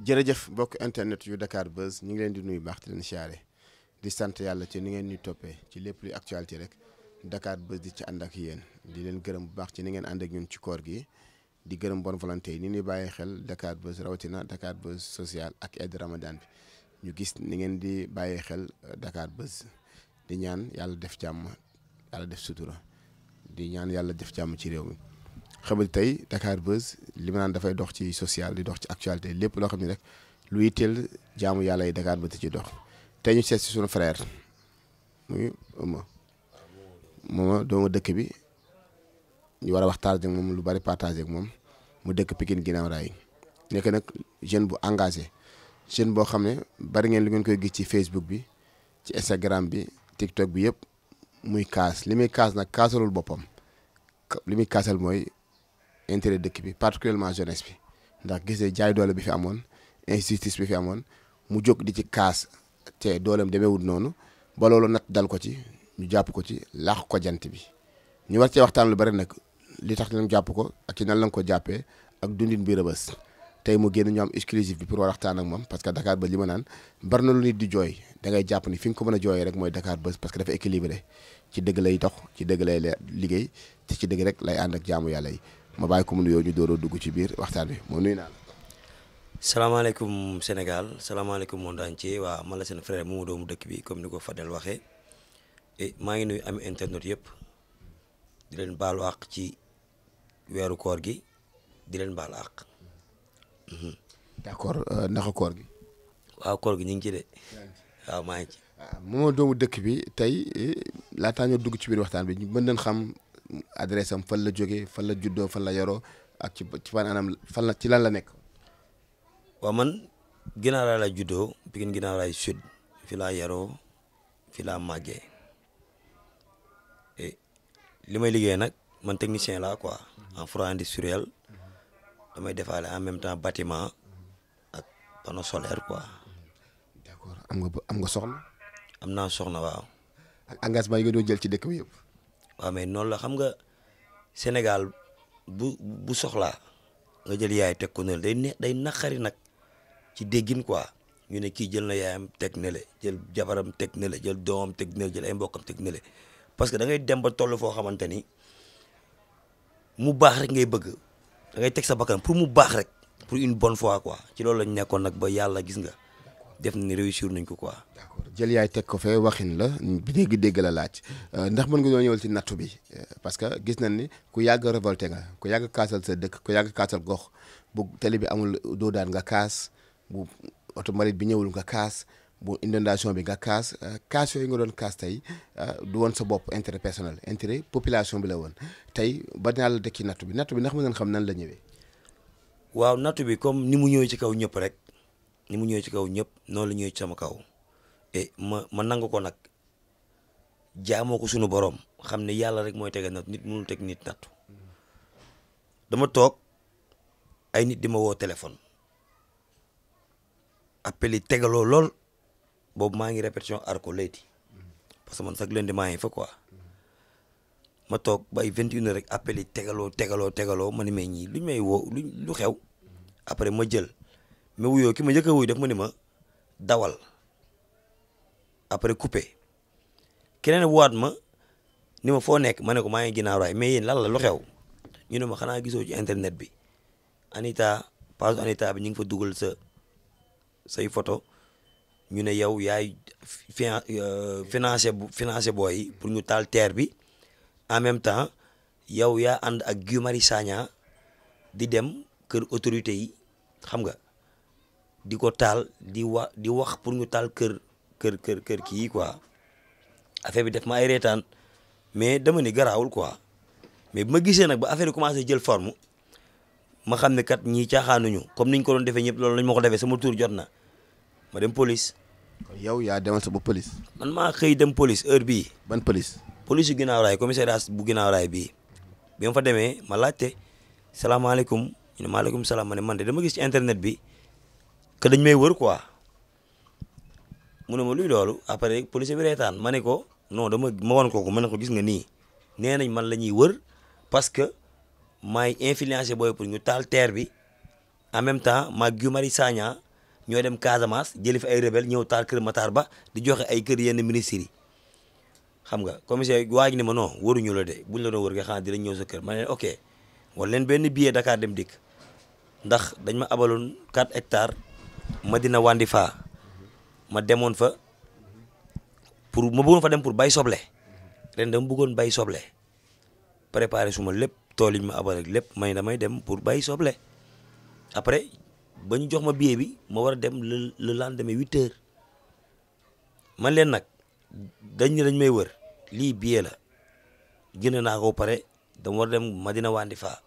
jërëjëf mbokk internet yu Dakar Buzz ñu ngi leen di nuyu baax di leen siyaare di sant yàlla ci ni ngeen ñuy toppee ci lépp luy actualité rek Dakar Buzz di ci ànd ak yéen di leen gërëm bu baax ci ni ngeen ànd ak ñun ci koor gi di gërëm bonne volonté ni ñuy bàyyi xel Dakar Buzz rawatina Dakar Buzz social ak aide Ramadan bi ñu gis ni ngeen di bàyyi xel euh, Dakar Buzz di ñaan yàlla def jàmm yàlla def sutura di ñaan yàlla def jàmm ci réew mi. xamal tey dakaar Buzz li ma naan dafay dox ci social di dox ci actualité lépp loo xam ni rek lu yitteel jaamu yàlla yi Dakar Buzz di ci dox te ñu seet si suñu frère muy Ouma doomu dëkk bi ñu war a waxtaan ak moom lu bari partager moom mu dëkk Pikine ginnaaw raay nekk nag jeune bu engagé jeune boo xam ne bari ngeen lu ngeen koy gis ci Facebook bi ci Instagram bi TikTok bi yëpp muy kaas li muy kaas nag kaasalul boppam li muy kaasal mooy intérêt dëkk bi particulièrement jeunesse bi ndax gisee jaay doole bi fi amoon injustice bi fi amoon mu jóg di ci kaas te dooleem demeewul noonu ba loolu nat dal ko ci ñu jàpp ko ci laax ko jant bi ñu war cee waxtaan lu bari nag li tax ñu jàpp ko ak ci nan lañ ko jàppee ak dundin bi rëbës tey mu génn ñu am exclusif bi pour waxtaan ak moom parce que Dakar Buzz li ma naan bari na lu nit di jooy da ngay jàpp ni fi nga ko mën a jooyee rek mooy Dakar Buzz parce que dafa équilibré ci dëgg lay dox ci dëgg lay liggéey te ci dëgg rek lay ànd ak jaamu yàlla ma bàyyi ko mu nuyoo ñu door dugg ci biir waxtaan bi moo nuyu naa la. salaamaaleykum Sénégal salaamaaleykum monde entier waa man la seen frère moomu doomu dëkk bi comme ni ko Fadel waxee eh, ngi nuy am internet yëpp di leen baalu àq ci weeru koor gi di leen baalu àq. Mhm. d'accord euh, naka koor gi. waaw koor gi ñu ngi ci de. waaw maa ngi ci. waaw ah, doomu dëkk bi tey eh, laataa ñoo dugg ci biir waxtaan bi ñu mën nañ xam. adresse am fan la jógee fan la juddoo fan la yaroo ak ci ci ban anam fan la ci lan la nekk. waa man ginnaaraay la juddoo Pikine ginnaaraay sud fi laa yaroo fi laa màggee li may liggéey nag man technicien laa quoi en froid industriel damay defaale en même temps batiment ak panneau solaire quoi. d'accord am nga am nga soxna. am naa soxna waaw. ak engagement yi nga jël ci dëkk bi yëpp. waaw mais noonu la xam nga Sénégal bu bu soxlaa nga jël yaay teg ko nele day ne day naqari nag ci déggin quoi ñu ne kii jël na yaayam teg nele jël jabaram teg nele jël doomam teg nele jël ay mbokkam teg nele parce que da ngay dem ba toll foo xamante ni mu baax rek ngay bëgg dangay ngay teg sa bakkan pour mu baax rek pour une bonne fois quoi ci loolu lañ nekkoon nag ba yàlla gis nga def na nañ ko quoi. d'accord jël yaay teg ko fee waxin la dégg-dégg la laaj euh, ndax mën nga ñoo ñëwal ci nattu bi euh, parce que gis nañ ni ku yàgg révolté nga ku yàgg kaasal sa dëkk ku yàgg kaasal gox bu télé bi amul doo daan nga kaas bu oto bi ñëwul nga kaas. bu inondation bi nga kaas euh, kaas yooyu nga doon kaas tey du woon sa bopp intérêt personnel intérêt population bi la woon tey ba naa la dëkki nattu bi nattu bi ndax mën ngeen xam nan la ñëwee. waaw nattu bi comme ni mu ñëwee ci kaw ñëpp ni mu ñëwee ci kaw ñëpp noonu la ñëwee ci sama kaw ma ma nangu ko nag jaamoo ko sunu borom xam ne yàlla rek mooy tege natt nit mënul teg nit nattu dama toog ay nit di ma woo téléphone appel yi tegaloo lool boobu maa ngi répétition arco léegi parce que man sax lundi maa ngi fa quoi ma toog ba ay vingt une rek appel yi tegaloo tegaloo tegaloo ma ne may ñii luñ may woo lu xew après ma jël. ma wuyoo ki ma njëkk a wuyu daf ma ni ma dawal après coupé keneen waat ma ni ma foo nekk ma ne ko maa ngi ginnaaw raay mais yéen lan la lu xew ñu ne ma xanaa gisoo ci internet bi Anita page Anita bi ñu ngi fa dugal sa say photo ñu ne yow yaay fian euh, financé financé booy yi pour ñu taal terre bi en même temps yow yaa ànd ak Guy Marius Sagna di dem kër autorité yi xam nga di ko taal di wa di wax pour ñu taal kër kër kër kër kii quoi affaire bi def ma ay reetaan mais dama ni garaawul quoi mais bu ma gisee nag ba affaire bi commencé jël forme ma xam ne kat ñii caaxaanuñu comme niñ ko doon defee ñëpp loolu lañ ma ko defee sama tour na ma dem police. kon yow yaa demal sa bopp police. man maa xëy dem police heure bii. ban police. police yu ginnaaw raay commissariat bu ginnaaw raay bii bi ma fa demee ma laajte salaamaaleykum ñu ne maaleykum salaam ma ne man de dama gis ci internet bi. que dañ may wër quoi mu ne ma luy loolu après policier bi reetaan ma ne ko non dama ma wan kooku ma ne ko gis nga nii nee nañ man la ñuy wër parce que maay influencé booy pour ñu taal terre bi en même temps maa Guy Marius Sagna ñoo dem Casamance jëli fi ay rebelle ñëw taal kër Matar Ba di joxe ay kër yenn ministres xam nga commissaire waa ji ni ma non wëruñu la de buñ la doon wër nga xam dinañ ñëw sa kër ma ne ok wala leen benn billet Dakar dem dikk ndax dañ ma abaloon 4 hectares. Madina Wandifa ma demoon fa pour ma bëggoon fa dem pour bay soble ren dama bëggoon bay soble préparé suma lépp tool yi ma abal ak lépp may damay dem pour bay soble après bañ jox ma billet bi ma war a dem le le lendemain huit heures man leen nag dañ ne dañ may wër lii billet la jënd naa ko pare dama war dem Madina Wandifa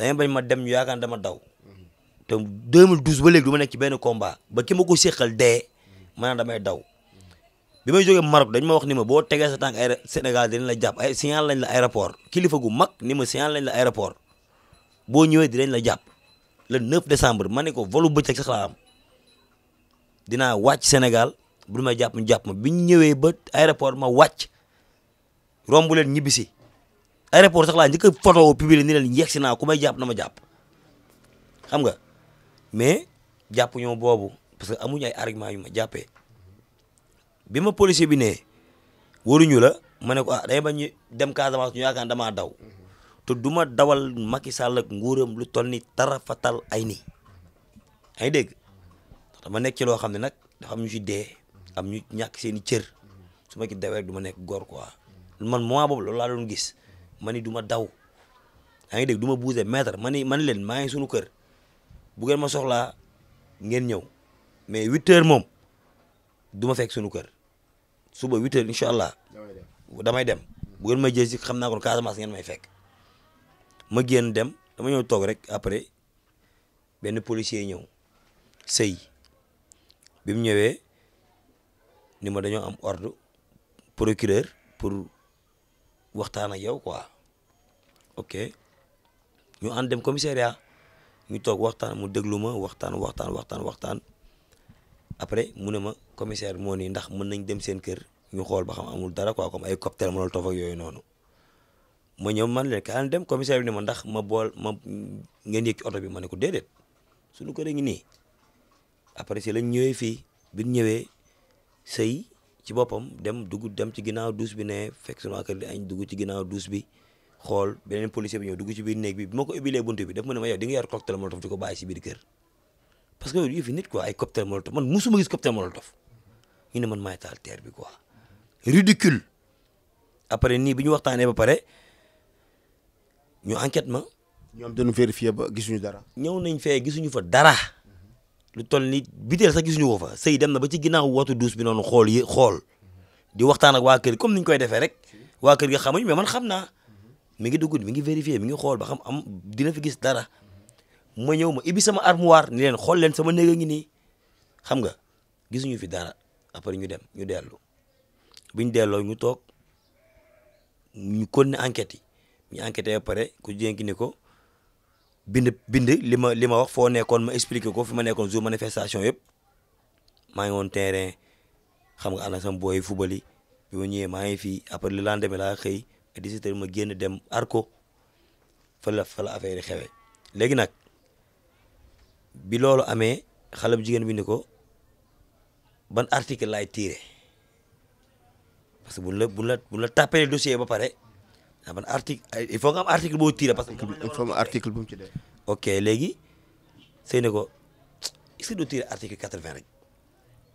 dangeen bañ ma dem yaakaan yaakaar dama daw te 2012 ba léegi du ma nekk ci benn combat ba ki ma ko séqal dee maanaam damay daw bi may jógee Maroc dañ ma wax ni ma boo tegee sa tànk ay Sénégal dinañ la jàpp ay signal lañ la aéroport kilifa gu mag ni ma signal lañ la aéroport boo ñëwee dinañ la jàpp le 9 décembre ma ne ko volu bëccëg sax laa am dinaa wàcc Sénégal bu ma jàpp jàpp ma bi ñu ñëwee ba aéroport ma wàcc romb leen ñibbisi aéroport sax laa njëkk a photo publier ni leen yegsi naa ku may jàpp na ma jàpp xam nga. mais jàpp ñoo boobu parce que amuñu ay argument yu ma jàppee bi ma policier bi nee waruñu la ma ne ko ah day ba ñu dem Casamance ñu daw to du ma dawal Macky Sall ak nguuram lu toll ni tarafatal ay ni ay dégg dama nekk ci loo xam ne nag dafa am ñu ci dee am ñu ñàkk seen cër su ma ci dawee du ma nekk góor quoi man moment boobu loolu laa doon gis ma ni du daw yaa ngi dégg du ma bougé mètre ma ni man leen maa ngi suñu kër bu ngeen ma soxlaa ngeen ñëw mais huit moom du ma fekk suñu kër suba huit heures incha allah damay dem bu ma may jël xam naa kon Casamance ngeen may fekk ma génn dem dama ñëw toog rek après benn policier ñëw sëy bi mu ñëwee ni ma dañoo am ordre procureur pour waxtaan ak yow quoi ok ñu ànd dem commissariat. ñu toog waxtaan mu déglu ma waxtaan waxtaan waxtaan waxtaan après mu ne ma commissaire moo ni ndax mën nañ dem seen kër ñu xool ba xam amul dara quoi comme ay cocktail mënal toog ak yooyu noonu ma ñëw man leen kaan dem commissaire bi ne ma ndax ma bool ma ngeen yëg ci oto bi ma ne ko déedéet suñu kër a ngi nii après si lañ ñëwee fii bi ñëwee sëy ci boppam dem dugg dem ci ginnaaw douche bi ne fekk sunu waa kër di añ dugg ci ginnaaw douche bi. xool beneen policier bi ñëw dugg ci biir néeg bi bi ma ko ubbilee bunt bi daf ma ne ma yow di nga yor cocktail molotov di ko bàyyi si biir kër parce que yooyu fi nit quoi ay cocktail molotov man musuma gis cocktail molotov ñu ne man maay taal terre bi quoi ridicule après nii bi ñu waxtaanee ba pare ñu enquête ma ñoom dañu vérifier ba gisuñu dara ñëw nañ fee gisuñu fa dara lu toll ni biteel sax gisuñu ko fa sëy dem na ba ci ginnaaw wootu douche bi noonu xool yi xool di waxtaan ak waa kër comme niñ koy defee rek waa kër gi xamuñu mais man xam naa mi ngi dugg mi ngi vérifier mi ngi xool ba xam am dina fi gis dara ma ñëw ma ibi sama armoir ni leen xool leen sama néeg ngi nii xam nga gisuñu fi dara après ñu dem ñu dellu biñ delloo ñu toog ñu kon ne enquête yi ñu enquêté ba pare ku jéngi ni ko bind bind li ma li ma wax foo nekkoon ma expliqué ko fi ma nekkoon jour manifestation yëpp maa ngi woon terrain xam nga ànd ak sama booy fubali bi ma ñëwee maa ngi fii après le lendemain laa xëy dix-huit ma génn dem arko fa la fa la affaire yi léegi nag bi loolu amee xale bu jigéen bi ni ko ban article laay tiire parce que buñ la buñ la buñ la tàppalee dossier ba pare ah ban article il faut am article boo tiire parce que. il faut article bu mu ci def. ok léegi sëy na ko est-ce que doo tiire article quatre-vingt rek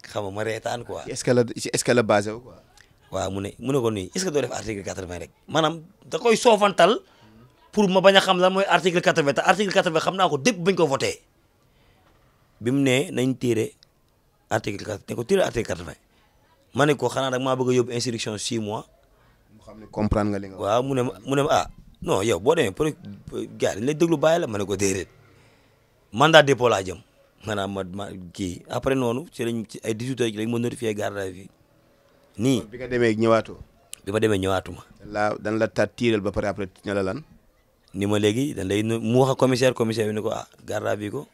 xam nga ma reetaan quoi. est-ce que la wu quoi. waaw mu ne mu ne ko ni est-ce que doo def article quatre-vingt rek maanaam da koy soofantal pour ma bañ a xam lan mooy article quatre-vingt te article quatre-vingt xam naa ko dépp bañ ko voté bi mu ne nañ téere article quatre ne ko téere article quatre-vingt ma ne ko xanaa rek maa bëgg a yóbbu si mois. mu xam ne comprendre nga li a waaw mu ne ma mu ne ma ah non yow boo demee pour gars dañ lay la ma ne ko déedéet mandat dépôt laa jëm maanaam ma ma kii après noonu ci lañ ci ay 18 heures ci lañ ma notifié garde à nii bi nga demee ñëwaatoo. bi ma demee ñëwaatuma. la dan la taat tiiral ba pare après ña la lan. ni ma léegi dañ lay mu wax ak commissaire commissaire bi ni ko ah garde à vue ko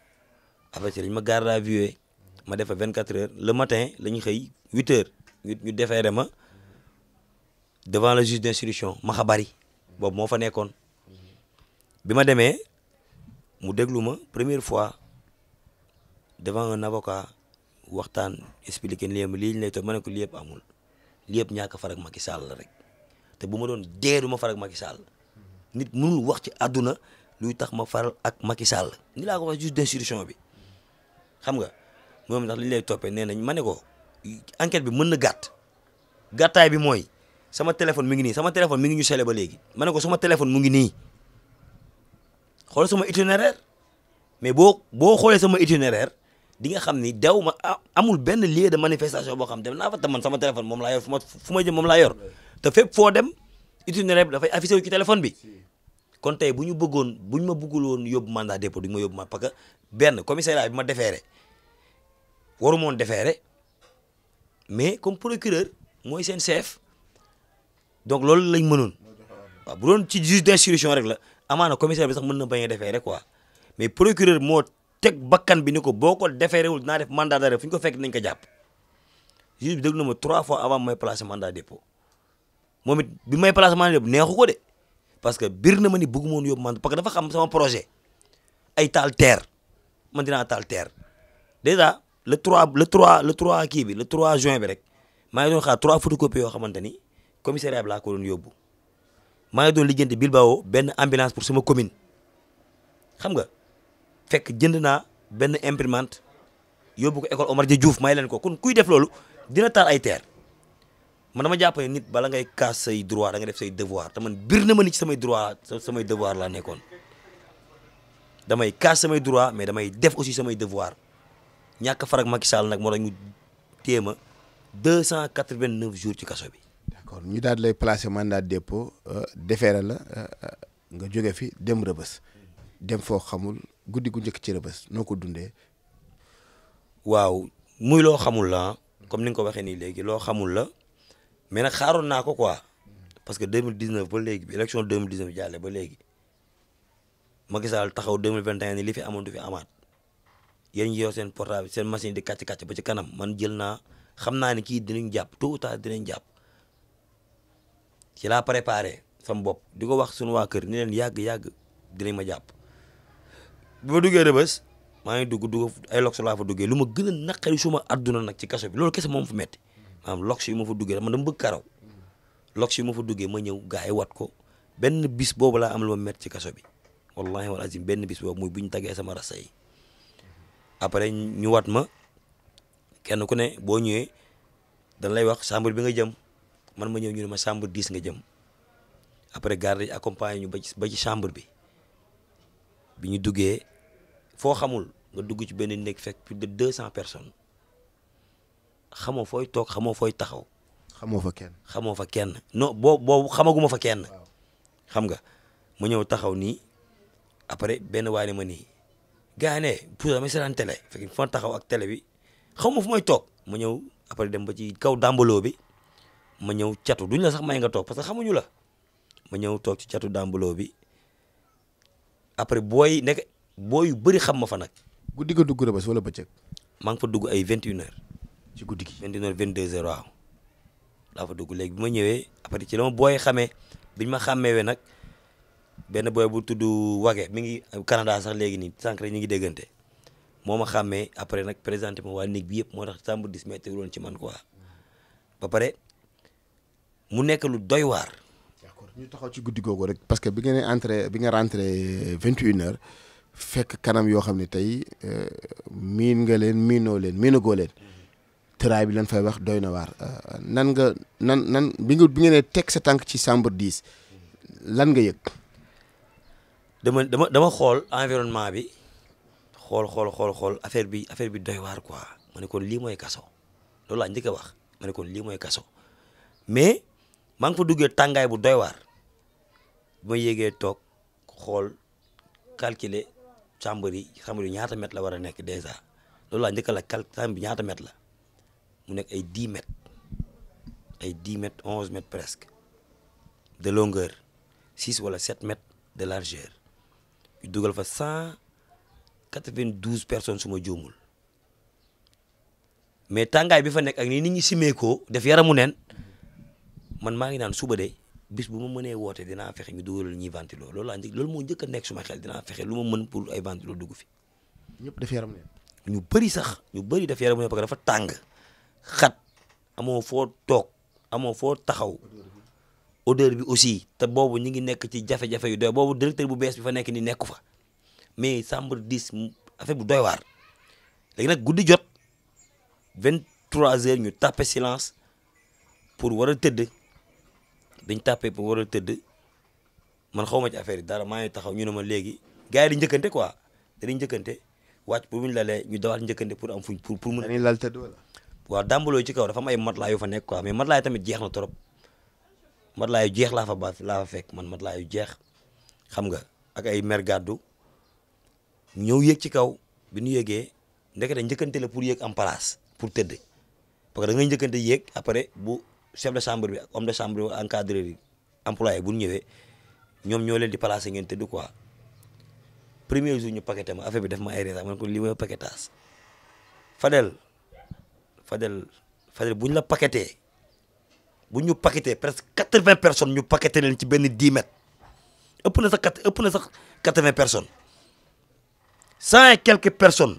après ci lañ ma garde à vue ma def fa quatre heures le matin la ñu xëy 8 heures ñu defee defeere ma devant le juge d'instruction ma xabari boobu moo fa nekkoon bi ma demee mu déglu ma première fois devant un avocat waxtaan expliqué lii lii lay toog ma ne lii yëpp amul. li yëpp ñàkk farag Macky Sall la rek te bu ma doon dee du ma farag Macky Sall nit mënul wax ci àdduna luy tax ma faral ak Macky Sall ni laa ko wax juge d'instruction bi xam nga moom ndax li ñu lay toppee nee nañ ma ne ko enquête bi mën na gàtt gàttaay bi mooy sama téléphone mi ngi nii sama téléphone mi ngi ñu sele ba léegi ma ne ko sama mu ngi nii xool sama itinéraire mais boo boo xoolee sama itinéraire di nga xam ni daw ma ah, amul benn lieu de manifestation boo xam dem naa fa te man sama téléphone moom laa yor fu ma fu ma jëm moom laa yor te fépp foo dem itinéraire bi dafay affiché wu ci téléphone bi kon tey bu ñu bëggoon bu ñu ma bëggul woon yóbbu mandat dépôt du ñu ma yóbbu ma parce que benn commissariat bi ma defeere waru moon defeere mais comme procureur mooy seen chef donc loolu lañ mënoon waaw bu doon ci juge d'instruction rek la amaana commissaire bi sax mën na bañ a defeere quoi mais procureur moo teg bakkan bi ni ko boo ko defee réewul dinaa def mandat d'arrêt fu ñu ko fekk nañ ko jàpp juge bi dégg na ma trois fois avant may placer mandat dépôt moom it bi may placer mandat dépôt neexu ko de parce que bir na ma ni bëgguma woon yóbbu mandat parce que dafa xam sama projet ay taal terre man dinaa taal terre déjà le 3 le 3 le kii bi le 3 juin bi rek maa ngi doon xaar trois photocopies yoo xamante ni commissariat bi laa ko doon maa ngi doon lijjanti Bilbao benn ambulance pour sama commune xam nga. fekk jënd naa benn imprimante yóbbu ko école Omar Dia Diouf may leen ko kon kuy def loolu dina taal ay teer man dama jàpp ne nit bala ngay kaas say droit da nga def say devoir te man bir na ma ni ci samay droit samay devoir laa nekkoon damay kaas samay droit mais damay def aussi samay devoir ñàkk farag Macky Sall nag moo tax ñu téye ma 289 jours ci kaso bi. d'accord ñu daal di lay placer mandat de defee euh, déféré la euh, euh, nga jóge fi dem rëbës dem foo xamul. guddi gu njëkk ci rëbës noo ko dundee. waaw muy loo xamul la comme ni nga ko waxee nii léegi loo xamul la mais nag xaaroon naa ko quoi parce que 2019 ba léegi bi élection 2019 jàlle ba léegi Macky Sall taxaw 2021 ni li fi amoon du fi amaat yéen ñi seen portable seen machine di kàcc kàcc ba ci kanam man jël naa xam naa ne kii dinañ jàpp tôt ou tard dinañ jàpp ci laa préparé sam bopp di ko wax sunu waa kër ni leen yàgg yàgg dinañ ma jàpp. bi ma duggee rëbës maa ngi dugg dugg ay lox laa fa duggee lu ma gën a naqari suma adduna nag ci kaso bi loolu kese moom fa metti maanaam lox yi ma fa duggee man dama bëgg karaw lox yi ma fa duggee ma ñëw gaa yi wat ko benn bis boobu laa am lu ma metti ci kaso bi wallahi wal azim benn bis boobu muy bu ñu tagee sama rasa après ñu wat ma kenn ku ne boo ñëwee dañ lay wax chambre bi nga jëm man ma ñëw ñu ne ma chambre 10 nga jëm après garde accompagné ñu ba ci ba ci bi bi ñu duggee foo xamul nga dugg ci benn néeg fekk plus de deux cent personnes xamoo fooy toog xamoo fooy taxaw. xamoo fa kenn xamoo fa kenn non boo boobu xamaguma fa kenn. xam nga ma ñëw taxaw nii après benn waa ne ma nii gars yi ne pour damay seetaan télé fekk fa taxaw ak télé bi xaw ma fu may toog ma ñëw après dem ba ci kaw dàmbaloo bi ma ñëw catu duñ la sax may nga toog parce que xamuñu la ma ñëw toog ci catu dàmbaloo bi après booy nekk. boo yu bëri xam ma fa nag. guddi ga dugg Rebeuss wala bëccëg. maa ngi fa dugg ay vingt une heures. ci guddi gi vingt vingt deux heures waaw. daa fa dugg léegi bi ma ñëwee après ci la ma booy xamee bi ñu ma xàmmeewee nag benn booy bu tudd Wage mi ngi Canada sax léegi nii sànq ñu ngi déggante moo ma xàmmee après nag présenté ma waa néeg bi yëpp moo tax sàmm dis météo woon ci man quoi ba pare mu nekk lu doy waar. d'accord ñu taxaw ci guddi googu rek parce que bi ngeen di entré bi nga rentré vingt fekk kanam yoo xam ne tey euh, miin nga leen miino leen miinagoo leen tëraay bi lan fay wax doy na waar euh, nan nga nan nan bi nga bi nee teg sa tànk ci chambre 10 lan nga yëg. dama dama dama xool environnement bi xool xool xool xool affaire bi affaire bi doy waar quoi ma ne kon lii mooy kaso loolu a njëkk a wax ma ne kon lii mooy kaso mais maa ngi fa duggee tàngaay bu doy waar bu ma yéegee toog xool calculer chambre yi chambre ñaata mètre la war a nekk dèjà loolu a njëkk a la cal bi ñaata mètre la mu nekk ay dix mètres ay dix mètres onze mètres presque de longueur six wala sept mètres de largeur yu dugal fa cent quatre-vingt-douze personne suma ma juumul mais tàngaay bi fa nekk ak nii nit ñi simee ko def yaramu neen man maa ngi naan suba de bis bu ma mënee woote dina fexe ñu dugalal ñuy ventilo loolu laa njëkk loolu moo njëkk a nekk suma xel dinaa fexe lu ma mën pour ay ventilo dugg fi. ñëpp def yaram ñu bëri sax ñu bëri def yaram ne parce que dafa tàng xat amoo foo toog amoo foo taxaw odeur bi aussi te boobu ñu ngi nekk ci jafe yu doy boobu directeur bu bees bi fa nekk ni nekku fa mais chambre 10 affaire bu doy léegi nag guddi jot 23 heures ñu tapé silence pour war a tëdd. dañ tàppee pour war a tëdd man xaw ma ci affaire yi dara maa ngi taxaw ñu ne ma léegi gars yi di njëkkante quoi dañuy njëkkante wàcc pour bu ñu lalee ñu dawaat njëkkante pour am fuñ pour pour mun dañuy lal tëdd wala waaw dàmbaloo ci kaw dafa am ay matelas yu fa nekk quoi mais matelas yi tamit jeex na trop matelas yu jeex laa fa ba laa fekk man matelas yu jeex xam nga ak ay mer gàddu ñëw yéeg ci kaw bi nu yéegee ndeke da njëkkante la pour yëg am place pour tëdd parce que da ngay njëkkante chef de chambre bi ak homme de chambre encadreur yi employé bu ñu ñëwee ñoom ñoo leen di placé ngeen du quoi premier jour ñu paqueté ma affaire bi def ma ay réew ma ne ko lii mooy paquetage Fadel Fadel Fadel bu ñu la paquetee bu ñu paquetee presque quatre-vingts personnes ñu paqueté leen ci benn dix ëpp na sax ëpp na sax quatre-vingts personnes cent et quelques personnes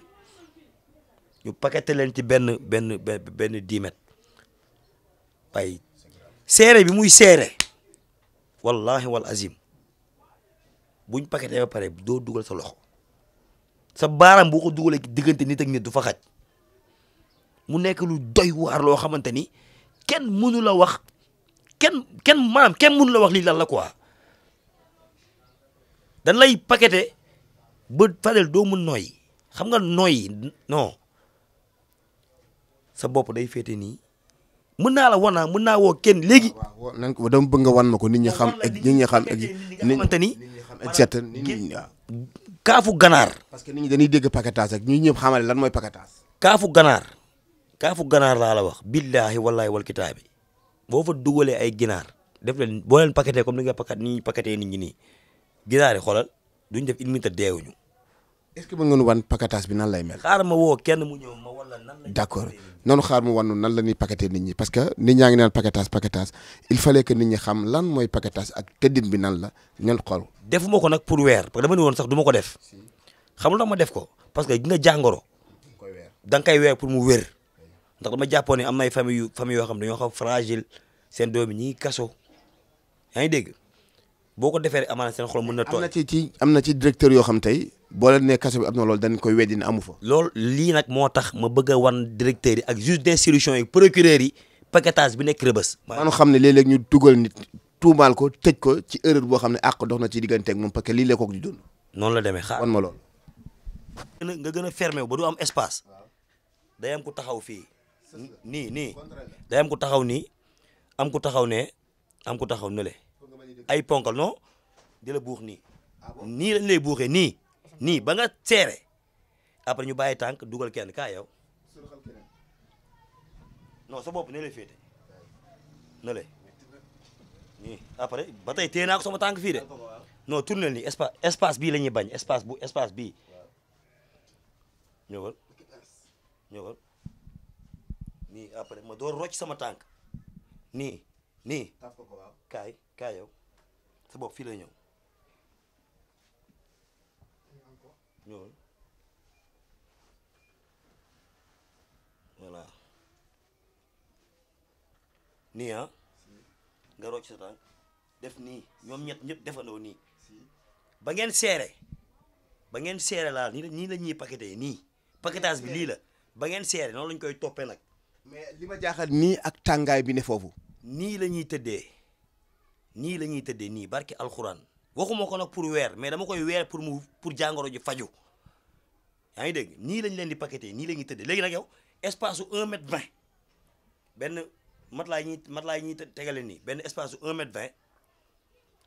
ñu paqueté leen ci benn benn benn benn dix waaye seere bi muy seere wallahi wal azim buñ paqueté ba pare doo dugal sa loxo sa baaraam boo ko dugalee diggante nit ak nit du fa xaj mu nekk lu doy waar loo xamante ni kenn mënu la wax kenn kenn maanaam kenn mënu la wax lii lan la quoi dañ lay pakete ba fadel doo mun nooy xam nga nooy non sa bopp day féete nii mën naa la wan naa mën naa woo kenn léegi. waaw nan ko dama bëgg nga wan ma ko ni ñi xam ak ñi xam ak. nit ñi nit kaafu ganaar. parce que nit ñi dañuy dégg paquetage ak ñun ñëpp xamale lan mooy paquetage. kaafu ganaar. kaafu ganaar laa la wax. billaahi wallaahi wal kitaabi boo fa dugalee ay ginaar def leen boo leen paqueté comme ni nga paquet ni ñuy paqueté nit ñi nii ginaar yi xoolal duñ def une minute deewuñu. est ce que mën nga wan paquetage bi nan lay mel. ma woo kenn mu d' accord noonu xaar mu wannu nan la ñuy paqueté nit ñi parce que nit ñaa ngi naan paquetage paquetage il fallait que nit ñi xam lan mooy paquetage ak tëddin bi nan la ñun xool. defuma ko nag pour weer parce que ne woon sax du ma ko def xam nga ma def ko parce que dina jàngoro da nga koy weer pour mu wér ndax dama jàppoon am na ay famille yu yoo xam ñoo xam fragile seen doom yi ñuy kaso yaa ngi dégg boo ko defee rek amaana seen xol mën na tool ci ci am na ci directeur yoo xam tey. boo leen nee kaso bi am na loolu dañ koy weddi ne amu fa. lool lii nag moo tax ma bëgg a wan directeur yi ak juge d'instruction yi procureur yi paquetage bi nekk rëbës. maanaam xam ne léeg-léeg ñu dugal nit tuumaal ko tëj ko ci erreur boo xam ne àq dox na ci digganteeg moom parce que lii la ko di dund. noonu la demee xaar wan ma loolu. nga gën a fermé ba du am espace. day am ku taxaw fii. nii nii day am ku taxaw nii am ku taxaw ne am ku taxaw ne le ay ponkal non di la buux nii. nii lañ lay buuxee nii. nii ba nga seere après ñu bàyyi tànk dugal kenn kaa yow non sa bopp ne lay féete ne lay nii après ba te téye naa sama tànk fii de non tourné nii espace espace bii la ñuy bañ espace bu espace bii ñëwal ñëwal nii après ma door rocc sama tànk nii nii kaay kaay yow sa bopp fii lay ñëw ñëwal voilà nii ah nga rocc sa tànk def nii ñoom ñett ñëpp defandoo nii ba ngeen seere ba ngeen seere laa nii la nii la nii paquetage bi lii la ba ngeen seere noonu lañ koy toppee nag mais li ma jaaxal nii ak tàngaay bi ne foofu nii la ñuy tëddee nii la ñuy tëddee nii barki alxuraan waxuma ko nag pour weer mais dama koy weer pour mu pour jàngoro ji faju yaa ngi dégg nii lañ leen di paqueté nii la ñuy tëddee léegi nag yow espace su 1 mètre 20 benn matelas yi ñuy matelas yi tegale nii benn espace su 1 mètre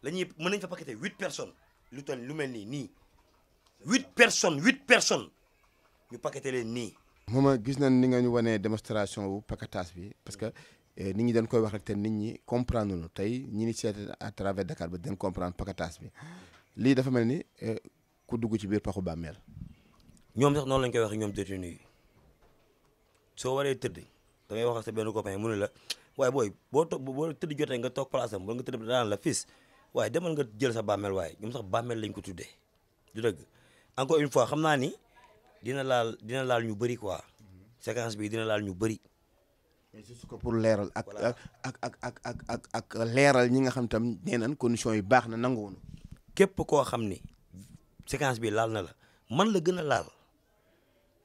20 la mën nañ fa paqueté 8 personnes lu toll lu mel nii nii 8 personnes 8 personnes ñu paqueté leen nii. moom gis nañ ni nga ñu wanee démonstration wu paquetage bi parce que. Eh, nit ñi dañ koy wax rek te nit ñi comprendre nu tey ñi ni seet à travers Dakar ba dañ comprendre paquetage bi lii dafa mel ni eh, ku dugg ci biir paxu bàmmeel ñoom sax noonu lañ koy waxee ñoom détenu yi soo waree tëdd da wax ak sa benn copain mu ne la waaye booy boo toog boo tëdd jotee nga toog place am ba nga tëdd daan la fis waaye demal nga jël sa bàmmeel waaye ñoom sax bàmmeel lañ ko tuddee du dëgg encore une fois xam naa ni dina laal dina laal ñu bari quoi séquence bi dina laal ñu bari mais juste que pour leeral ak ak ak ak ak ak ak leeral ñi nga xam tam nee condition conditions yi baax na nangu woon képp koo xam ni séquence bi laal na la man la gën a laal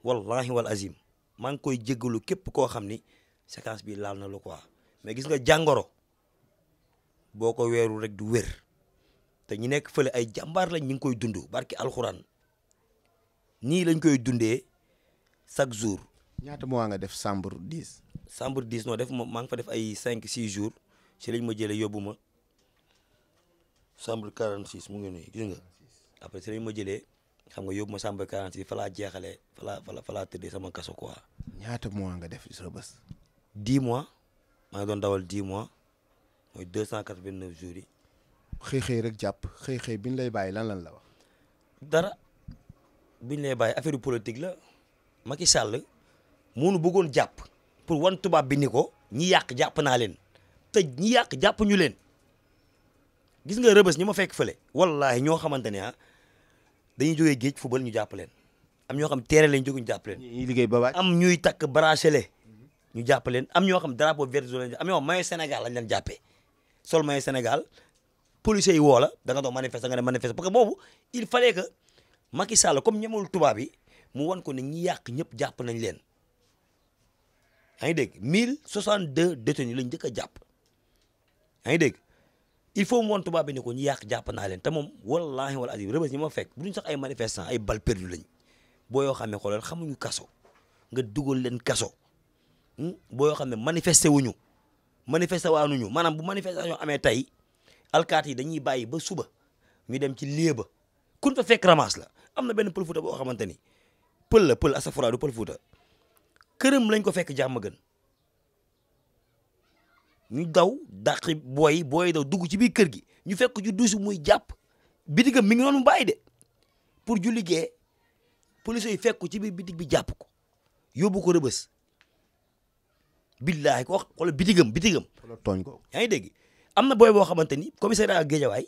wallahi wal azim maa ngi koy jéggalu képp koo xam ni séquence bi laal na lu quoi mais gis nga jàngoro boo ko weeru rek du wér te ñu nekk fële ay jàmbaar lañ ñu ngi koy dund barki alxuraan nii lañ koy dundee chaque jour. ñaata mois nga def chambre 10. chambre 10 noo def ma maa ngi def ay 5 6 jours ci lañ ma jëlee yóbbu ma chambre 46 mu ngi nii gis nga après ci lañ ma jëlee xam nga yóbbu ma chambre 46 fa laa jeexalee fa laa fa laa fa laa tëddee sama kaso quoi. ñaata mois nga def ci Rebeuss. 10 mois maa dawal 10 mois mooy 289 jours yi. xëy xëy rek jàpp xëy xëy bi lay bàyyi lan lan la wax. dara biñ ñu lay bàyyi affaire politique la Macky Sall moo nu bëggoon jàpp. pour wan tubaab bi ni ko ñi yàq jàpp naa leen te ñi yàq jàpp leen gis nga rëbës ñi ma fekk fële wallaahi ñoo xamante ne ah dañuy jógee géej football ñu jàpp leen am ñoo xam teere lañ jóg ñu jàpp leen. ñuy liggéey ba waay am ñuy takk bracelet ñu jàpp leen am ñoo xam drapeau vert lañ am ñoo xam maillot Sénégal lañ leen jàppee sol maillot senegal policiers yi woo la da nga doon manifester nga ne manifester parce que boobu il fallait que Macky Sall comme ñemewul tubaab yi mu wan ko ne ñi yàq ñëpp jàpp nañ leen. yaa ngi dégg mille soixante deux détenus lañ njëkk a jàpp yaa ngi dégg il faut mu woon tubaab bi ne ko ñu yàq jàpp naa leen te moom wallaahi wala azim rëbës ñi ma fekk bu ñu sax ay manifestant ay bal perdu lañ boo yoo xam loolu xoolal ñu kaso nga duggoon leen kaso hmm? boo yoo xam ne manifesté wuñu manifesté waanuñu maanaam bu manifestation amee tey alkaat yi dañuy bàyyi ba suba ñu dem ci lieu ba kun fa fekk ramas la am na benn pël fuuta boo xamante ni pël la pël asafura du pël këram lañ ko fekk jàmm gën ñu daw dàqi booy booy daw dugg ci biir kër gi ñu fekk ju duusi muy jàpp bitigam mi ngi noonu mu bàyyi de pour ju liggéey police yi fekk ci biir bitig bi jàpp ko yóbbu ko rëbës billaahi ko wax wala bitigam bitigam. wala tooñ ko yaa ngi dégg am na booy boo xamante ni commissariat Guédiawaye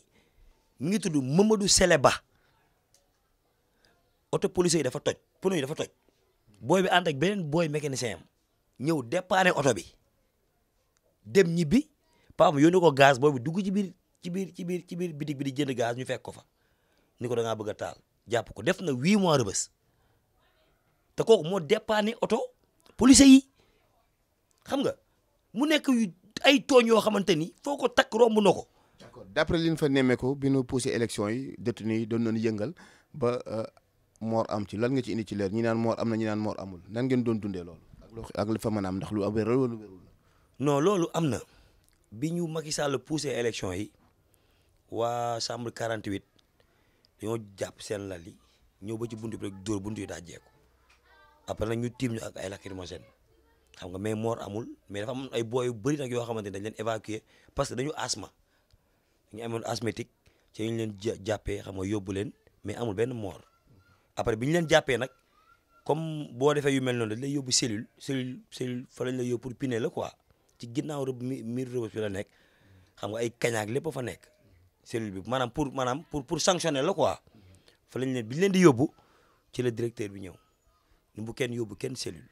mi ngi tudd Mamadou Seleba oto police yi dafa toj pono yi dafa toj. booy bi ànd ak beneen booy mécanicien ñëw dépanne oto bi dem ñibbi paam yónni ko gaz booy bi dugg ci biir ci biir ci biir ci biir bitig bi di jënd gaz ñu fekk ko fa ni ko da ngaa bëgg a taal jàpp ko def na huit mois rëbës te kooku moo dépanne oto police yi xam nga mu nekk ay tooñ yoo xamante ni foo ko takk romb na ko. d'accord d'après li ñu fa nemmeeku bi ñu poussé élection yi détenu yi doon nañu yëngal ba. Euh, moor am ci lan nga ci indi ci leer ñi naan moor am na ñi naan amul nan ngeen doon dundee loolu ak li fa a am ndax lu wér la wala wérul la loolu am na bi ñu Macky Sall poussé élection yi waa chambre 48 dañoo jàpp seen lal yi ñëw ba ci buntu bi rek dóor buntu yi daa jeeku après nag ñu tiim ñu ak ay lacrymogène xam nga mais mort amul mais dafa am ay boy yu bëri nag yoo xamante dañu leen évacuer parce que dañu asma dañu amoon asthmatique ci ñu leen jàppee xam nga yóbbu leen mais amul benn mort après bi ñu leen jàppee nag comme boo defee yu mel noon dañ lay yóbbu cellule cellule cellule fa lañ la yóbbu pour piner la quoi ci ginnaaw rëbb mi miir rëbës bi la nekk xam nga ay kañaak lépp fa nekk cellule bi maanaam pour maanaam pour pour sanctionner la quoi fa lañ leen bi ñu leen di yóbbu ci la directeur bi ñëw ni bu kenn yóbbu kenn cellule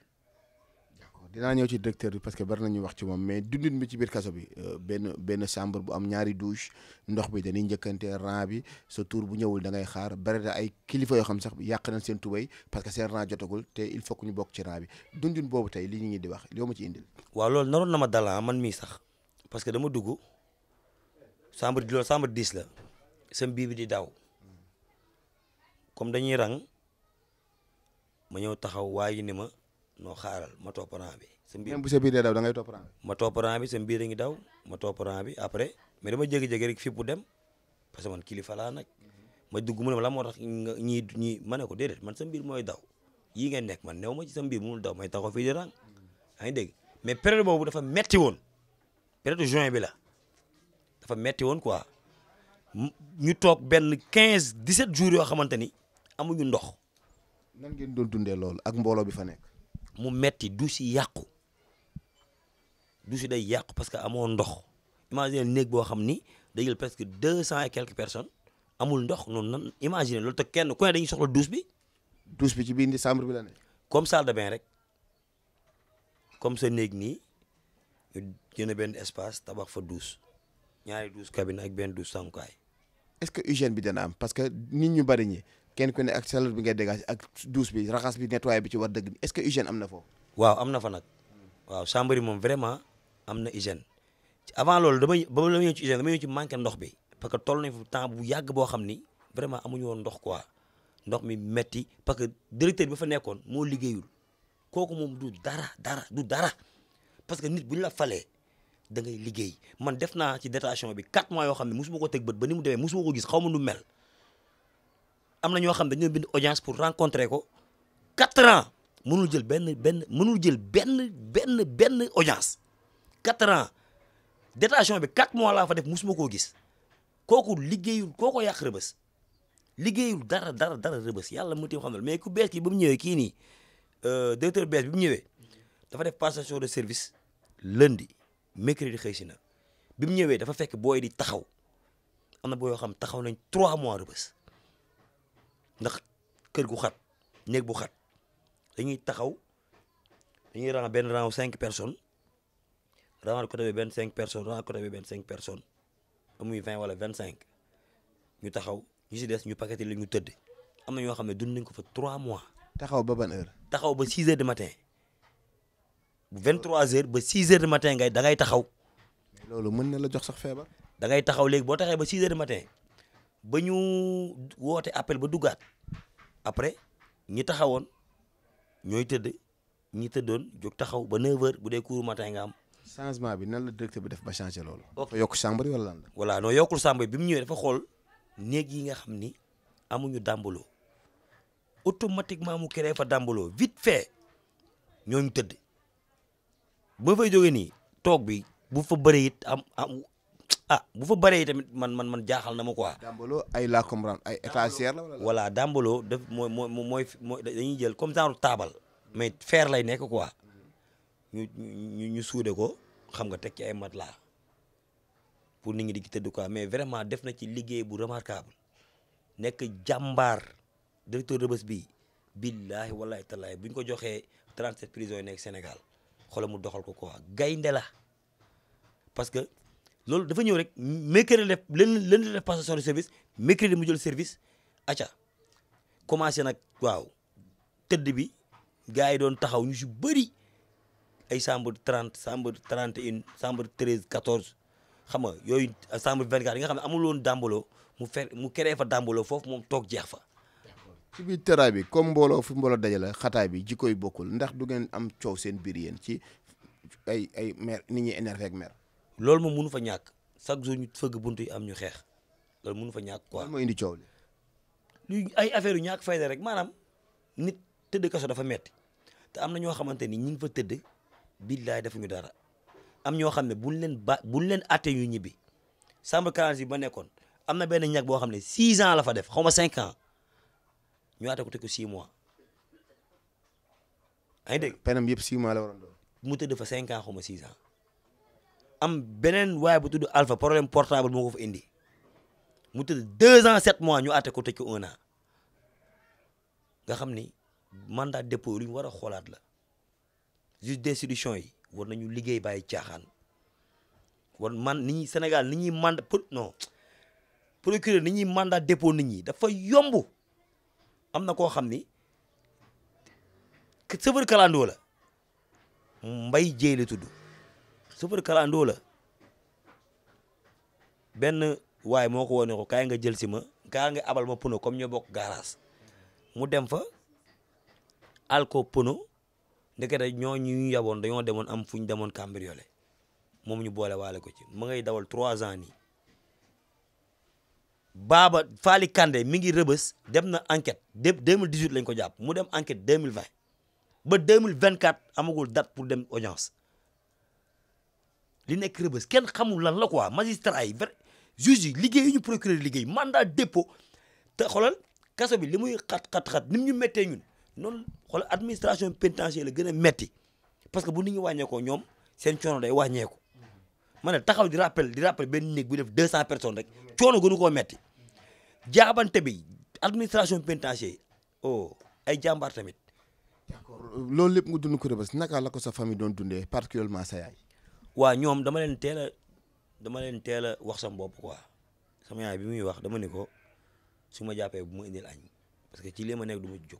dinaa ñëw ci directeur bi parce que bari nañu wax ci moom mais dundin bi ci biir kaso bi euh, benn benn bu am ñaari douche ndox bi dañuy njëkkante rang bi sa tour bu ñëwul da ngay xaar bari na ay kilifa yoo xam sax yàq nañ seen tubay parce que seen rang jotagul te il faut que ñu bokk ci rang bi dundin boobu tey li ñu ngi di wax li ma ci indil. waaw loolu naroon na ma dala ah, man mii sax parce que dama dugg chambre loolu chambre 10 la sam bii bi di daw dañuy rang ma ñëw taxaw waaye ni ma. non xaaral ma topp bi. sa mbir même bu sa dee daw da ngay topp rang bi. ma topp rang bi sa a ngi daw ma topp bi après mais dama jékki-jékki rek fippu dem parce que man kilifa laa nag ma dugg mu ne ma la moo tax ñii ñii ma ne ko déedéet man sa mbiir mooy daw yii ngeen nekk man new ma ci sa mbir mu daw may taxaw fii di rang yaa ngi dégg mais période boobu dafa metti woon période juin bi la dafa metti woon quoi ñu toog benn 15 17 jours yoo xamante ni amuñu ndox. nan ngeen doon dundee loolu ak mbooloo bi fa nekk. mu metti douche yi yàqu douche yi day yàqu parce que amoon ndox imagine néeg boo xam ni day jël presque deux cent et quelques personnes amul ndox noonu nan imagine loolu te kenn ku ne dañuy soxla douche bi. douche bi ci biir chambre bi la ne. comme salle de bain rek comme sa néeg nii ñu jënd benn espace tabax fa douche ñaari douche cabine ak benn douche sangukaay. est-ce que hygiène bi dana am parce que nit ñu bari ñi. kenn ku ne ak chaleur bi ngay dégagé ak douche bi raxas bi nettoyé bi ci war dëgg est-ce que hygiène am na foofu. waaw am na fa nag waaw chambre yi moom vraiment am na hygiène avant loolu damay ba la ñëw ci hygiène damay ñëw ci manqué ndox bi parce que toll nañ fu temps bu yàgg boo xam ni vraiment amuñu woon ndox quoi ndox mi metti parce que directeur bi fa nekkoon moo liggéeyul kooku moom du dara dara du dara parce que nit bu ñu la falee da ngay liggéey man def naa ci détention bi 4 yoo xam ne mosuma ko teg bët ba ni mu demee mosuma ko gis xaw ma nu mel. am na ñoo xam dañoo bind audience pour rencontrer ko quatre ans mënul jël benn benn mënul jël benn benn benn audience quatre ans détention bi quatre mois la fa def musuma koo gis kooku liggéeyul kooko yàq rëbës liggéeyul dara dara dara rëbës yàlla mu tim xam mais ku bees ki ba mu ñëwee kii nii euh, directeur bees bi mu ñëwee dafa def passation de service lendi mercredi xëy si na bi mu ñëwee dafa fekk booy di taxaw am na boo yoo xam taxaw nañ trois mois rëbës ndax kër gu xat néeg bu xat dañuy taxaw dañuy rang benn rang cinq personnes rangal côté bi benn cinq personnes rangal côté bi benn cinq personnes amuy vingt wala vingt cinq ñu taxaw ñu si des ñu paqueté li ñu tëdd am na ñoo xam ne dund nañ ko fa trois mois. taxaw ba ba heure. taxaw ba six heures du matin vingt trois heures ba six heures du matin ngay da ngay taxaw. loolu mën na la jox sax feebar. da ngay taxaw léegi boo taxee ba six heures du matin. ba ñu woote appel ba duggaat après ñi taxawoon ñooy tëdd ñi tëddoon jóg taxaw ba 9h bu dee cours matin nga am. changement bi nan la directeur bi def ba changé loolu. ok yokk chambre yi wala la. voilà non yokkul chambre bi mu ñëwee dafa xool néeg yi nga xam ni amuñu dàmbaloo automatiquement mu créé fa dàmbaloo vite fait ñooñu tëdd ba fay jógee nii toog bi bu fa bëree it am am ah bu fa bëree tamit man man man jaaxal na ma quoi. Dambalo ay la comprendre ay étagère la. voilà Dambalo daf mooy mooy mooy mooy dañuy jël comme genre taabal. mais fer lay nekk quoi. ñu ñu ñu suude ko xam nga teg ci ay matelas pour nit ñi di tëdd quoi mais vraiment def na ci liggéey bu remarquable nekk jàmbaar directeur Rebeuss bi billahi wallahi tallahi bu ñu ko joxee 37 prisons yi nekk Sénégal xoolal mu doxal ko quoi gaynde la parce que. loolu dafa ñëw rek mercredi def len len def passation de service mercredi mu jël service aca commencé nag waaw tëdd bi gars yi doon taxaw ñu si bëri ay chambre 30 chambre 31 chambre 13 14 xam nga yooyu ah, chambre 24 yi nga xam ne amul woon dàmbaloo mu fer mu créé fa dàmbaloo foofu moom toog jeex fa ci biir teraay bi comme mbooloo fu mbooloo dajale xataay bi jikko yi bokkul ndax du ngeen am coow seen biir yéen ci ay ay mer nit ñuy énervé ak mer loolu moom mënu fa ñàkk chaque jour ñu fëgg bunt yi am ñu xeex loolu munu fa ñàkk quoi. lan mooy indi ay affaire yu ñàkk fayda rek maanaam nit tëdd kaso dafa metti te am na ñoo xamante ni ñi ngi fa tëdd billaay defuñu dara am ñoo xam ne buñ leen ba leen àttee ñu ñibbi chambre 40 yi ba nekkoon am na benn ñag boo xam ne 6 ans la fa def xaw ma 5 ans ñu àtte ko teg ko 6 mois. yaa ngi dégg penam yëpp 6 mois la waroon doon. mu tëdd fa 5 ans xaw ma 6 am beneen waaye bu tudd Alpha problème portable moo ko fa indi mu tëdd deux ans sept mois ñu àtte ko tëj ko nga xam ni mandat dépôt lu ñu war a xoolaat la juge d'instruction yi war nañu liggéey bàyyi caaxaan war man ni ñi Sénégal nit ñi mandat pour non procureur nit ñi mandat dépôt nit ñi dafa yomb am na koo xam ni sëfër kalandoo la mbay jéey la tudd chauffeur kalandoo la benn waaye moo ko woone ko kaay nga jël si ma kaay nga abal ma pono comme ñoo bokk garage mu dem fa al ko pono ndekete ñoo ñu yaboon dañoo demoon am fu ñu demoon cambriolé moom ñu boole waale ko ci ma ngay dawal trois ans nii baaba Faali Kande mi ngi rëbës dem na enquête de 2018 lañ ko jàpp mu dem enquête 2020 ba 2024 amagul dat pour dem audience li nekk rëbës kenn xamul lan la ko magistrat yi vrai juge yi liggéey yi ñu procureur liggéey mandat dépôt te xoolal kaso bi li muy xat xat xat ni ñu méttee ñun noonu xoolal administration pénitentiaire la gën a métti parce que bu nit ñi wàññeekoo ñoom seen coono day wàññeeku ma ne taxaw di rappel di rappel benn néeg bu def 200 personnes rek coono gënu koo métti jaabante bi administration pénitentiaire oh ay jàmbaar tamit. d'accord loolu lépp nga dund ko rëbës la ko sa famille doon dundee particulièrement sa yaay. waa ñoom dama leen teel a dama leen teel a wax sama bopp quoi sama yaay bi muy wax dama ne ko su ma jàppee bu ma indil añ parce que ci lii ma nekk du ma jóg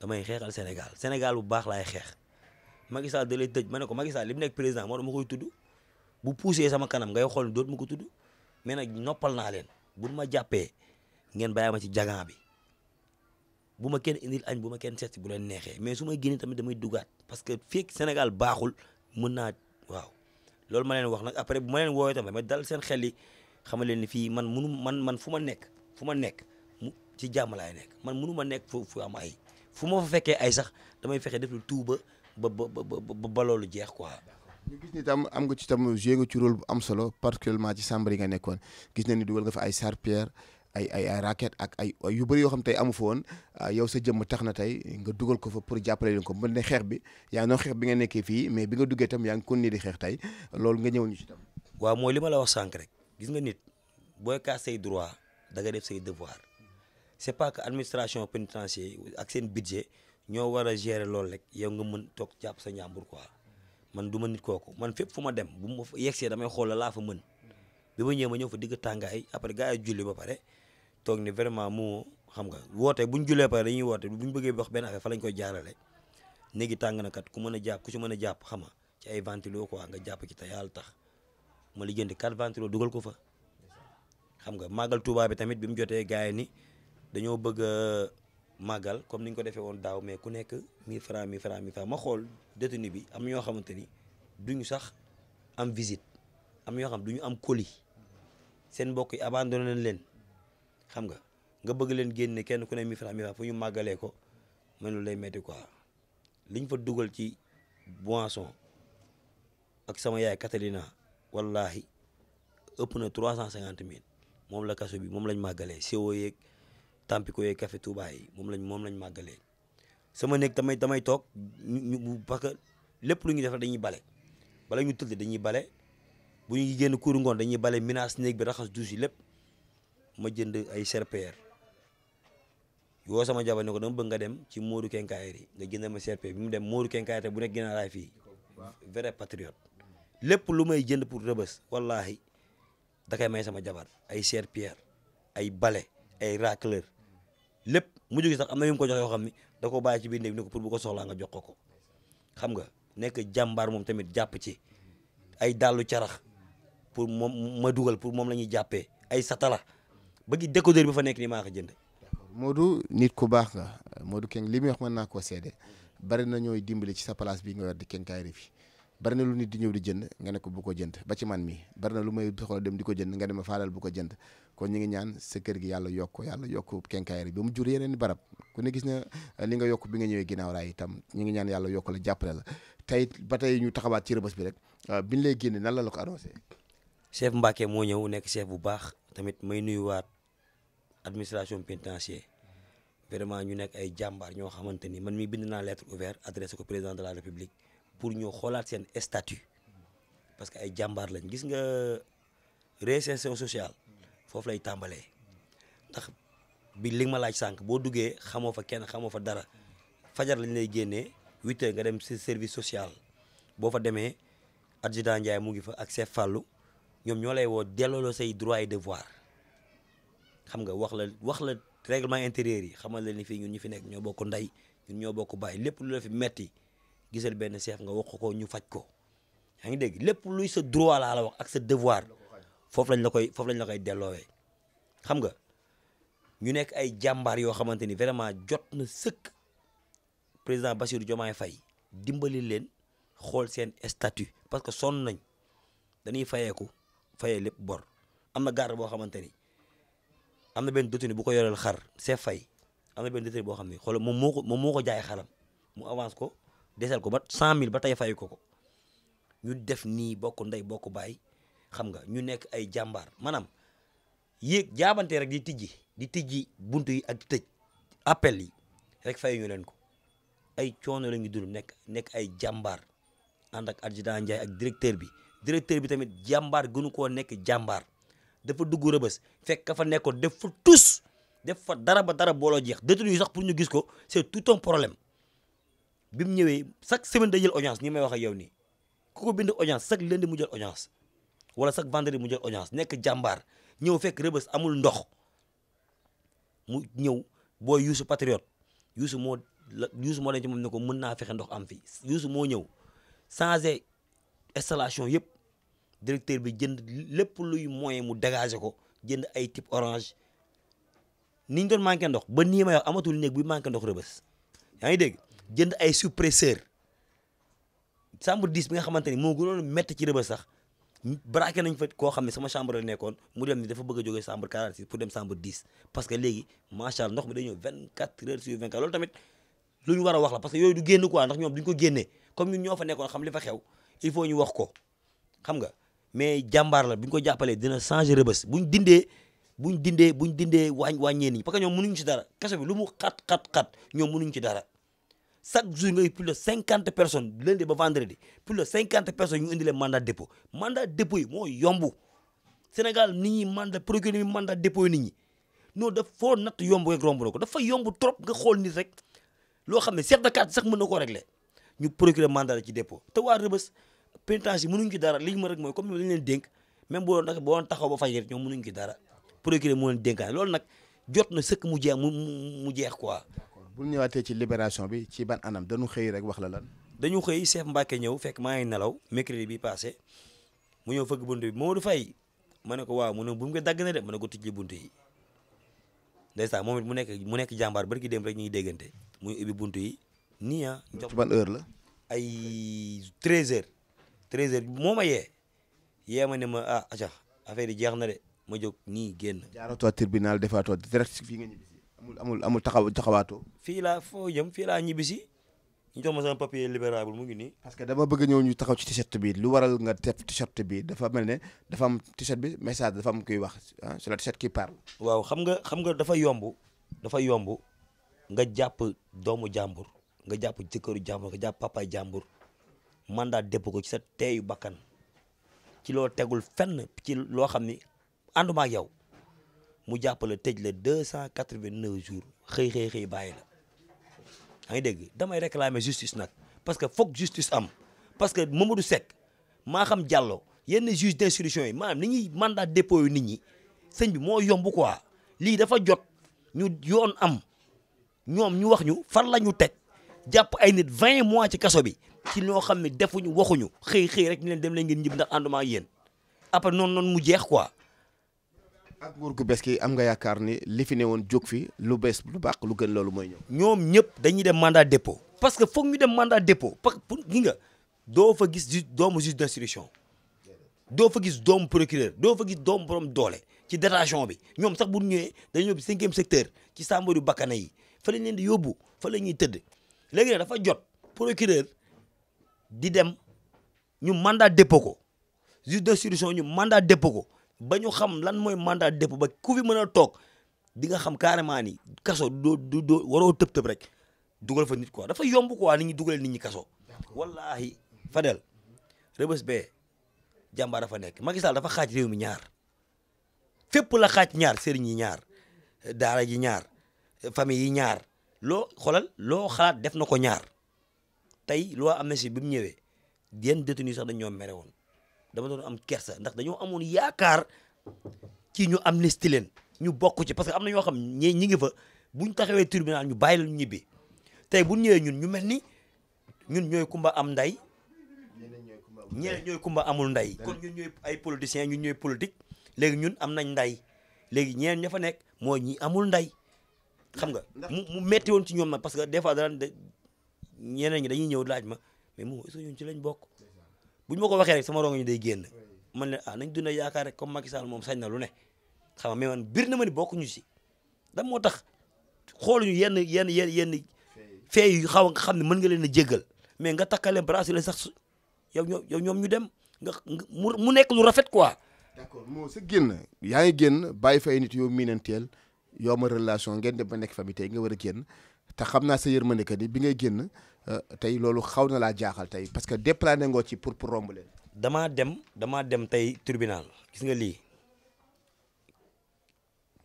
damay xeexal Sénégal Sénégal bu baax laay xeex Macky Sall da lay ma ne ko Macky Sall li mu nekk président moo dama koy tudd bu poussé sama kanam ngay xool doot ma ko tudd mais nag noppal naa leen bu ma jàppee ngeen bàyyi ma ci jagan bi bu ma kenn indil añ bu ma kenn set bu leen neexee mais su ma génn tamit damay dugaat parce que fii Sénégal baaxul mën naa waaw loolu ma leen wax nag après bu ma leen woowee tamit ma dal seen xel yi leen ni fii man munu man man fu ma nekk fu ma nekk mu ci jàmm nekk man munu ma nekk fu am ay fu ma fa fekkee ay sax damay fexe def lu tuuba ba ba ba ba baloolu jeex quoi. ñu gis ni tam am nga ci tam joué nga ci bu am solo particulièrement ci Sambar nga nekkoon gis nañ ni dugal nga fa ay Sarr ay ay ay ak ay yu bëri yoo xam tey amu fa woon ah, yow sa jëmm tax na tey nga dugal ko fa pour jàppale leen ko mën ne xeex bi yaa ngi doon xeex bi nga nekkee fii mais bi nga duggee tam yaa ngi kon ni di loolu nga ñëw ñu ci tam. waaw mooy li ma la wax sànq rek gis nga nit booy kaas say droit da nga def say devoir c'est pas que administration pénitentiaire ak seen budget ñoo war a gérer loolu rek yow nga mën toog jàpp sa njàmbur quoi man du ma nit kooku man fépp fu ma dem bu ma yegsee damay xool la laa fa mën bi ma ñëw ma ñëw fa digg tàngaay après gars yi julli ba pare. toog ni vraiment mu xam nga woote bu ñu julee pare dañuy woote bu ñu bëggee wax benn affaire fa lañ koy jaarale néegi tàng na kat ku mën a jàpp ku ci mën a jàpp xama ci ay ventilo quoi nga jàpp ci te yàlla tax ma li jënd quatre ventilo dugal ko fa xam nga màggal Tuubaa bi tamit bi mu jotee gars yi ni dañoo bëgg a màggal comme ni ñu ko defee woon daaw mais ku nekk 1000 francs 1000 francs 1000 francs ma xool détenu bi am ñoo xamante ni duñu sax am visite am ñoo xam duñu am colis seen mbokk yi abandonné leen xam nga nga bëgg leen génne kenn ku ne mi franc mi franc ñu màggalee ko man lu lay metti quoi liñ fa dugal ci boisson ak sama yaay Catalina wallahi ëpp na trois cent cinquante mille moom la kaso bi moom lañ màggalee CO yeeg Tampico ko Café Touba yi moom lañ moom lañ màggalee sama néeg damay damay toog ñu parce que lépp lu ñuy def dañuy bale bala ñu tëdd dañuy bale bu ñuy génn kuuru ngoon dañuy bale menace néeg bi raxas douche yi lépp. ma jënd ay serpillère yoo sama jabar ne ko dama bëgg nga dem ci Modou Kenkayri nga jëndal ma serpillère bi mu dem Modou Kenkayri te bu nekk Guinaar Rail fii vrai patriote lépp lu may jënd pour rëbës wallaahi da koy may sama jabar ay serpillère ay balai ay racleur lépp mu jógi sax am na yu mu ko jox yoo xam ni da ko bàyyi ci biir néeg ne ko pour bu ko soxlaa nga ko ko xam nga nekk jàmbaar moom tamit jàpp ci ay dàllu carax pour moom ma dugal pour moom la ñuy jàppee ay satala ba gi décodeur bi fa nekk nii maa ko jënd. d'accord Modou nit ku baax nga Modou Keng li muy wax mën naa koo seede bari na ñooy dimbali ci sa place bi nga yor di kenkaayri fi bari na lu nit di ñëw di jënd nga ne ko bu ko jënd ba ci man mi bari na lu may soxla dem di ko jënd nga ne ma faalal bu ko jënd kon ñu ngi ñaan sa kër gi yàlla yokk ko yàlla yokk kenkaayri ba mu jur yeneen barab ku ne gis na eh, li nga yokk bi nga ñëwee ginnaaw raay itam ñu ngi ñaan yàlla yokk la jàppale la tey ba tey ñu taxawaat ci rëbës bi rek eh, biñ lay génne nan la la ko annoncé chef Mbacke moo ñëw nekk chef bu baax tamit may nuyuwaat administration pénitentiaire vraiment ñu nekk ay jàmbaar ñoo xamante ni man mi bind naa lettre ouverte adressé ko président de la république pour ñu xoolaat seen statut parce que ay jàmbaar lañu gis nga réinsertion sociale foofu lay tàmbalee ndax bi li ma laaj sànq boo duggee xamoo fa kenn xamoo fa dara fajar lañ lay génnee huit heures nga dem si service social boo fa demee adjudant Ndiaye mu ngi fa ak chef Fallou ñoom ñoo lay woo delloo say droit et devoir xam nga wax la wax la règlement intérieur yi xamal la ni fii ñun ñu fi nekk ñoo bokk ndey ñun ñoo bokk bàyyi lépp lu la fi metti gisal benn chef nga wax ko ñu faj ko yaa ngi dégg lépp luy sa droit la la wax ak sa devoir foofu lañu la koy foofu lañ la koy delloowee xam nga ñu nekk ay jàmbaar yoo xamante ni vraiment jot na sëkk président Bassirou Diomaye fay dimbali leen xool seen statut parce que sonn nañ dañuy fayeeku fayee lépp bor am na garde boo xamante ni am na benn détenu bu ko yoreel xar see fay am na benn détenu boo xam ne xoolal moom moo ko moom moo ko jaay xaram mu avance ko desal ko ba 100000 ba tey fay ko ko ñu def nii bokk ndey bokk baay xam nga ñu nekk ay jàmbaar maanaam yéeg jaabante rek di tijji di tijji buntu yi ak tëj appel yi rek fay ñu leen ko ay coono la ñu dund nekk nekk ay jàmbaar ànd ak adjudant Ndiaye ak directeur bi directeur bi tamit jàmbaar gënu koo nekk jàmbaar dafa dugg rëbës fekk ka fa nekkoon def fa tous def fa dara ba dara booloo jeex détenu yi sax pour ñu gis ko c'est tout ton problème bi mu ñëwee chaque semaine day jël audience ñi may wax ak yow nii ku ko bind audience chaque lundi mu jël audience wala chaque vendredi mu jël audience nekk jàmbaar ñëw fekk rëbës amul ndox mu ñëw booy yuusu patriote yuusu moo la moo leen ci moom ne ko mën naa fexe ndox am fii yuusu moo ñëw changé installation yëpp directeur bi jënd lépp luy moyen mu dégagé ko jënd ay type orange ni ñu doon manqué ndox ba nii may wax amatul néeg bu manqué ndox rëbës yaa ngi dégg jënd ay suppresseur chambre 10 bi nga xamante ni moo gënoon métti ci rëbës sax braqué nañ fa xam ne sama chambre la nekkoon mu dem ni dafa bëgg a jógee chambre 46 pour dem chambre 10 parce que léegi macha allah ndox mi dañoo 24 heures sur 24 loolu tamit lu ñu war a wax la parce yooyu du génn quoi ndax ñoom duñ ko génnee comme ñun ñoo fa nekkoon xam li ñu wax ko xam nga. mais jàmbaar la bu ñu ko jàppalee dina changer rëbës bu ñu dindee bu ñu dindee bu ñu dindee wàñ wàññee ni parce que ñoom mënuñu ci dara kaso bi lu mu xat xat xat ñoom mënuñu ci dara chaque jour ngay plus de cinquante personnes lundi ba vendredi plus de cinquante personnes ñu indi leen mandat dépôt mandat dépôt yi moo yombu Sénégal ni ñi mandat procureur bi mandat dépôt yi nit ñi non daf foo natt yomb rek romb na ko dafa yombu trop nga xool nit rek loo xam ne seet de carte sax mën na koo régler ñu procurer mandat la ci dépôt pénitence yi mënuñ ci dara liñ ma rek mooy comme ni lañ même bu nag boo doon taxaw ba fay rek ñoom mënuñ ci dara procureur moo loolu nag jot na sëkk mu jeex mu mu jeex quoi. bu ñu ñëwaatee ci libération bi ci ban anam dañu xëy rek wax la lan. dañu xëy Cheikh Mbacke ñëw fekk maa ngi nelaw mercredi bi passé mu ñëw fëgg bunt bi Mamadou Faye ma ne ko waaw mu ne bu mu ko dagg ma ne ko tijji bunt yi ndeysaan moom mu nekk mu nekk jàmbaar bari ki dem rek ñu ngi déggante mu ubbi bunt yi nii ah. ci ban heure la. ay 13 heures. treize heures moo ma yee yee ma ne ma a ah, acca affaire yi jeex na de ma jóg nii génn. jaaratoo tribunal defaatoo direct fii nga ñibbisi amul amul amul taxaw taxawaatoo. fii laa foo jëm fii laa ñibbisi ñu jox ma sama papier libérable mu ngi nii. parce que dama bëgg ñëw ñu taxaw ci t-shirt bi lu waral nga def t-shirt bi dafa mel ne dafa am t-shirt bi message dafa am kuy wax ah c'est le t-shirt qui parle. waaw xam nga xam nga dafa yomb dafa yomb nga jàpp doomu jàmbur nga jàpp jëkkëru jàmbur nga jàpp papaay jàmbur. mandat dépôt ko ci sa teeyu bakkan ci loo tegul fenn ci loo xam ni ànduma ak yow mu jàppale tëj la deux cent quatre-vingt-neuf jours xëy xëy xëy bàyyi la yaa ngi dégg damay réclamer justice nag parce que foog justice am parce que Mamadou Seck maa xam Diallo yenn juge d'instruction yi maanaam ni ñuy mandat dépôt yu nit ñi sëñ bi moo yomb quoi lii dafa jot ñu yoon am ñoom ñu wax ñu fan la ñu teg jàpp ay nit vingt mois ci kaso bi ci ñoo xam ne defuñu waxuñu xëy xëy rek ñu leen dem leen ngeen ñib ndax endement yéen après noon noonu mu jeex quoi. ak nguur gu bees gi am nga yaakaar ni li fi ne woon jóg fi lu bees lu baax lu gën loolu mooy ñëw. ñoom ñëpp dañuy dem mandat dépo parce que foog ñu dem mandat dépo parce que pour gi nga doo fa gis ju doomu juge d'instruction doo fa gis doomu procureur doo fa gis doomu borom doole ci détention bi ñoom sax bu ñëwee dañu yóbbu cinquième secteur ci sàmbari bakkana yi fa leen di yóbbu fa la ñuy tëdd. léegi nag dafa jot procureur di dem ñu mandaa dépôt ko juge d'instruction ñu mandaa dépôt ko ba ñu xam lan mooy mandaa dépôt ba ku fi mën a toog di nga xam carrément ni kaso waroo tëb tëb rek dugal fa nit quoi dafa yomb ko quoi nit ñi dugalee nit ñi kaso. wallahi Fadel Rebeuss bee jàmbaar dafa nekk Macky Sall dafa xaaj réew mi ñaar fépp la xaaj ñaar sëriñ yi ñaar daara ji ñaar famille yi ñaar. loo xoolal loo xalaat def na ko ñaar tey loo amnistie bi mu ñëwee yenn détenu sax dañ ñoo mere woon dama doon am kersa ndax dañoo amoon yaakaar ki ñu am amnistie leen ñu bokk ci parce que am na ñoo xam ñee ñi ngi fa buñ taxawee tribunal ñu bàyyi la ñu ñibbi tey bu ñëwee ñun ñu mel ni ñun ñooy kumba am nday ñeneen ñooy kumba amul nday kon ñun ñooy ay politiciens ñun ñooy politique léegi ñun am nañ nday léegi ñeneen ña fa nekk moo ñi amul nday xam nga mu mu metti woon ci ñoom nag parce que des fois daan de ñeena ñi dañuy ñëw laaj ma mais mu est-ce que ci lañ bokk bu ñu ma ko waxee rek sama rongo ñu day génn man ne ah nañ dund yaakaar comme Macky Sall moom sañ na lu ne xam nga mais man bir na ma ni bokkuñu si da moo tax xooluñu yenn yenn yenn yenn fee yu xaw nga xam ne mën nga leen a jéggal mais nga takkale bracelet leen sax yow ñoom yow ñoom ñu dem nga mu nekk lu rafet quoi. d'accord moo sa génn yaa ngi génn bàyyi yoo nit yow miinanteel yooma relation ngeen dem ba nekk famille tey nga war a génn te xam naa sa yërmande que ni bi ngay génn euh, tey loolu xaw na laa jaaxal tey parce que déplané ngoo ci pour pour romb leen. damaa dem damaa dem tey tribunal gis nga lii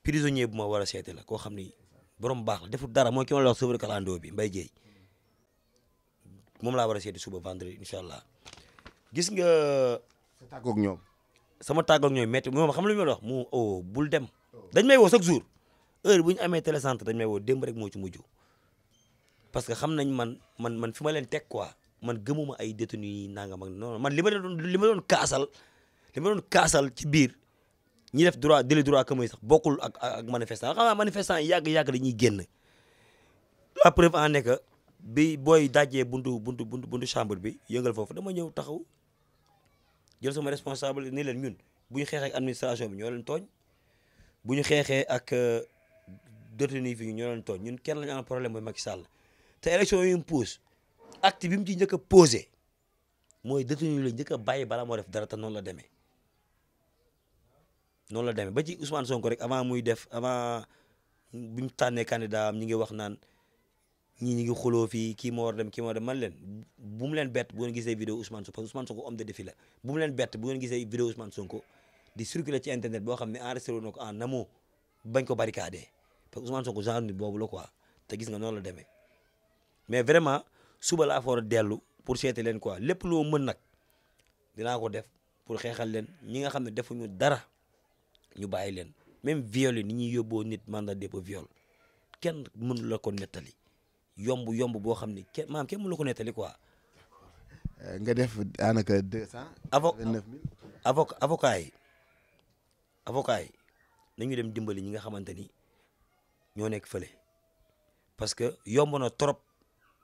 prisonnier bu ma war a seeti la koo xam ni borom baax deful dara mooy ki bi Mbaye Guèye moom laa war a seeti suba vendredi incha allah gis nga. sa tàggoog ñoom. sama tàggoog ñoom métti moom xam lu ma la mu oh bul dem dañ may woo chaque jour. heure bu ñu amee télécentre dañ may woo démb rek moo ci mujj parce que xam nañ man man man fi ma leen teg quoi man gëmuma ay détenus yi nangam ak non man li ma doon li ma doon kaasal li ma doon kaasal ci biir ñi def droit délit droit commun sax bokkul ak ak manifestant xam nga manifestant yàgg yàgg dañuy génn la preuve bi booy dajee buntu buntu buntu buntu chambre bi yëngal foofu dama ñëw taxaw jël ma responsable ni leen ñun bu ñu xeexee ak administration bi ñoo leen ñu xeexee ak euh, détenus fi ñoo doon tooñ ñun kenn lañu am problème mooy Macky la te élection yu mu pousse acte bi mu ci njëkk a posé mooy détenus la njëkk a bàyyi bala moo def dara ta noonu la demee noonu la demee ba ci Ousmane Sonko rek avant muy def avant bi mu tànnee candidat am ñi ngi wax naan ñu ngi xuloo fii kii moo war dem kii moo dem man leen bu mu leen bett bu gisee vidéo Ousmane Sonko parce que Ousmane Sonko homme de défi la bu mu leen bett bu ngeen gisee vidéo Ousmane Sonko di circuler ci internet boo xam ne enregistré na ko en amont bañ ko barricadé te Ousmane Sonko genre nit boobu la quoi te gis nga noon la demee mais vraiment suba la fa war dellu pour seeti leen quoi lépp loo mën nag dinaa ko def pour xeexal leen ñi nga xam ne defuñu dara ñu bàyyi leen même viol yi ni ñuy yóbboo nit mandat dépôt viol kenn mënu la ko nettali yombu yomb boo xam ni kenn maam kenn mënu la ko nettali quoi. Euh, nga def daanaka deux cent. avo avocat yi avocat yi nañu dem dimbali ñi nga xamante ni. ñoo nekk fële parce que yomb na trop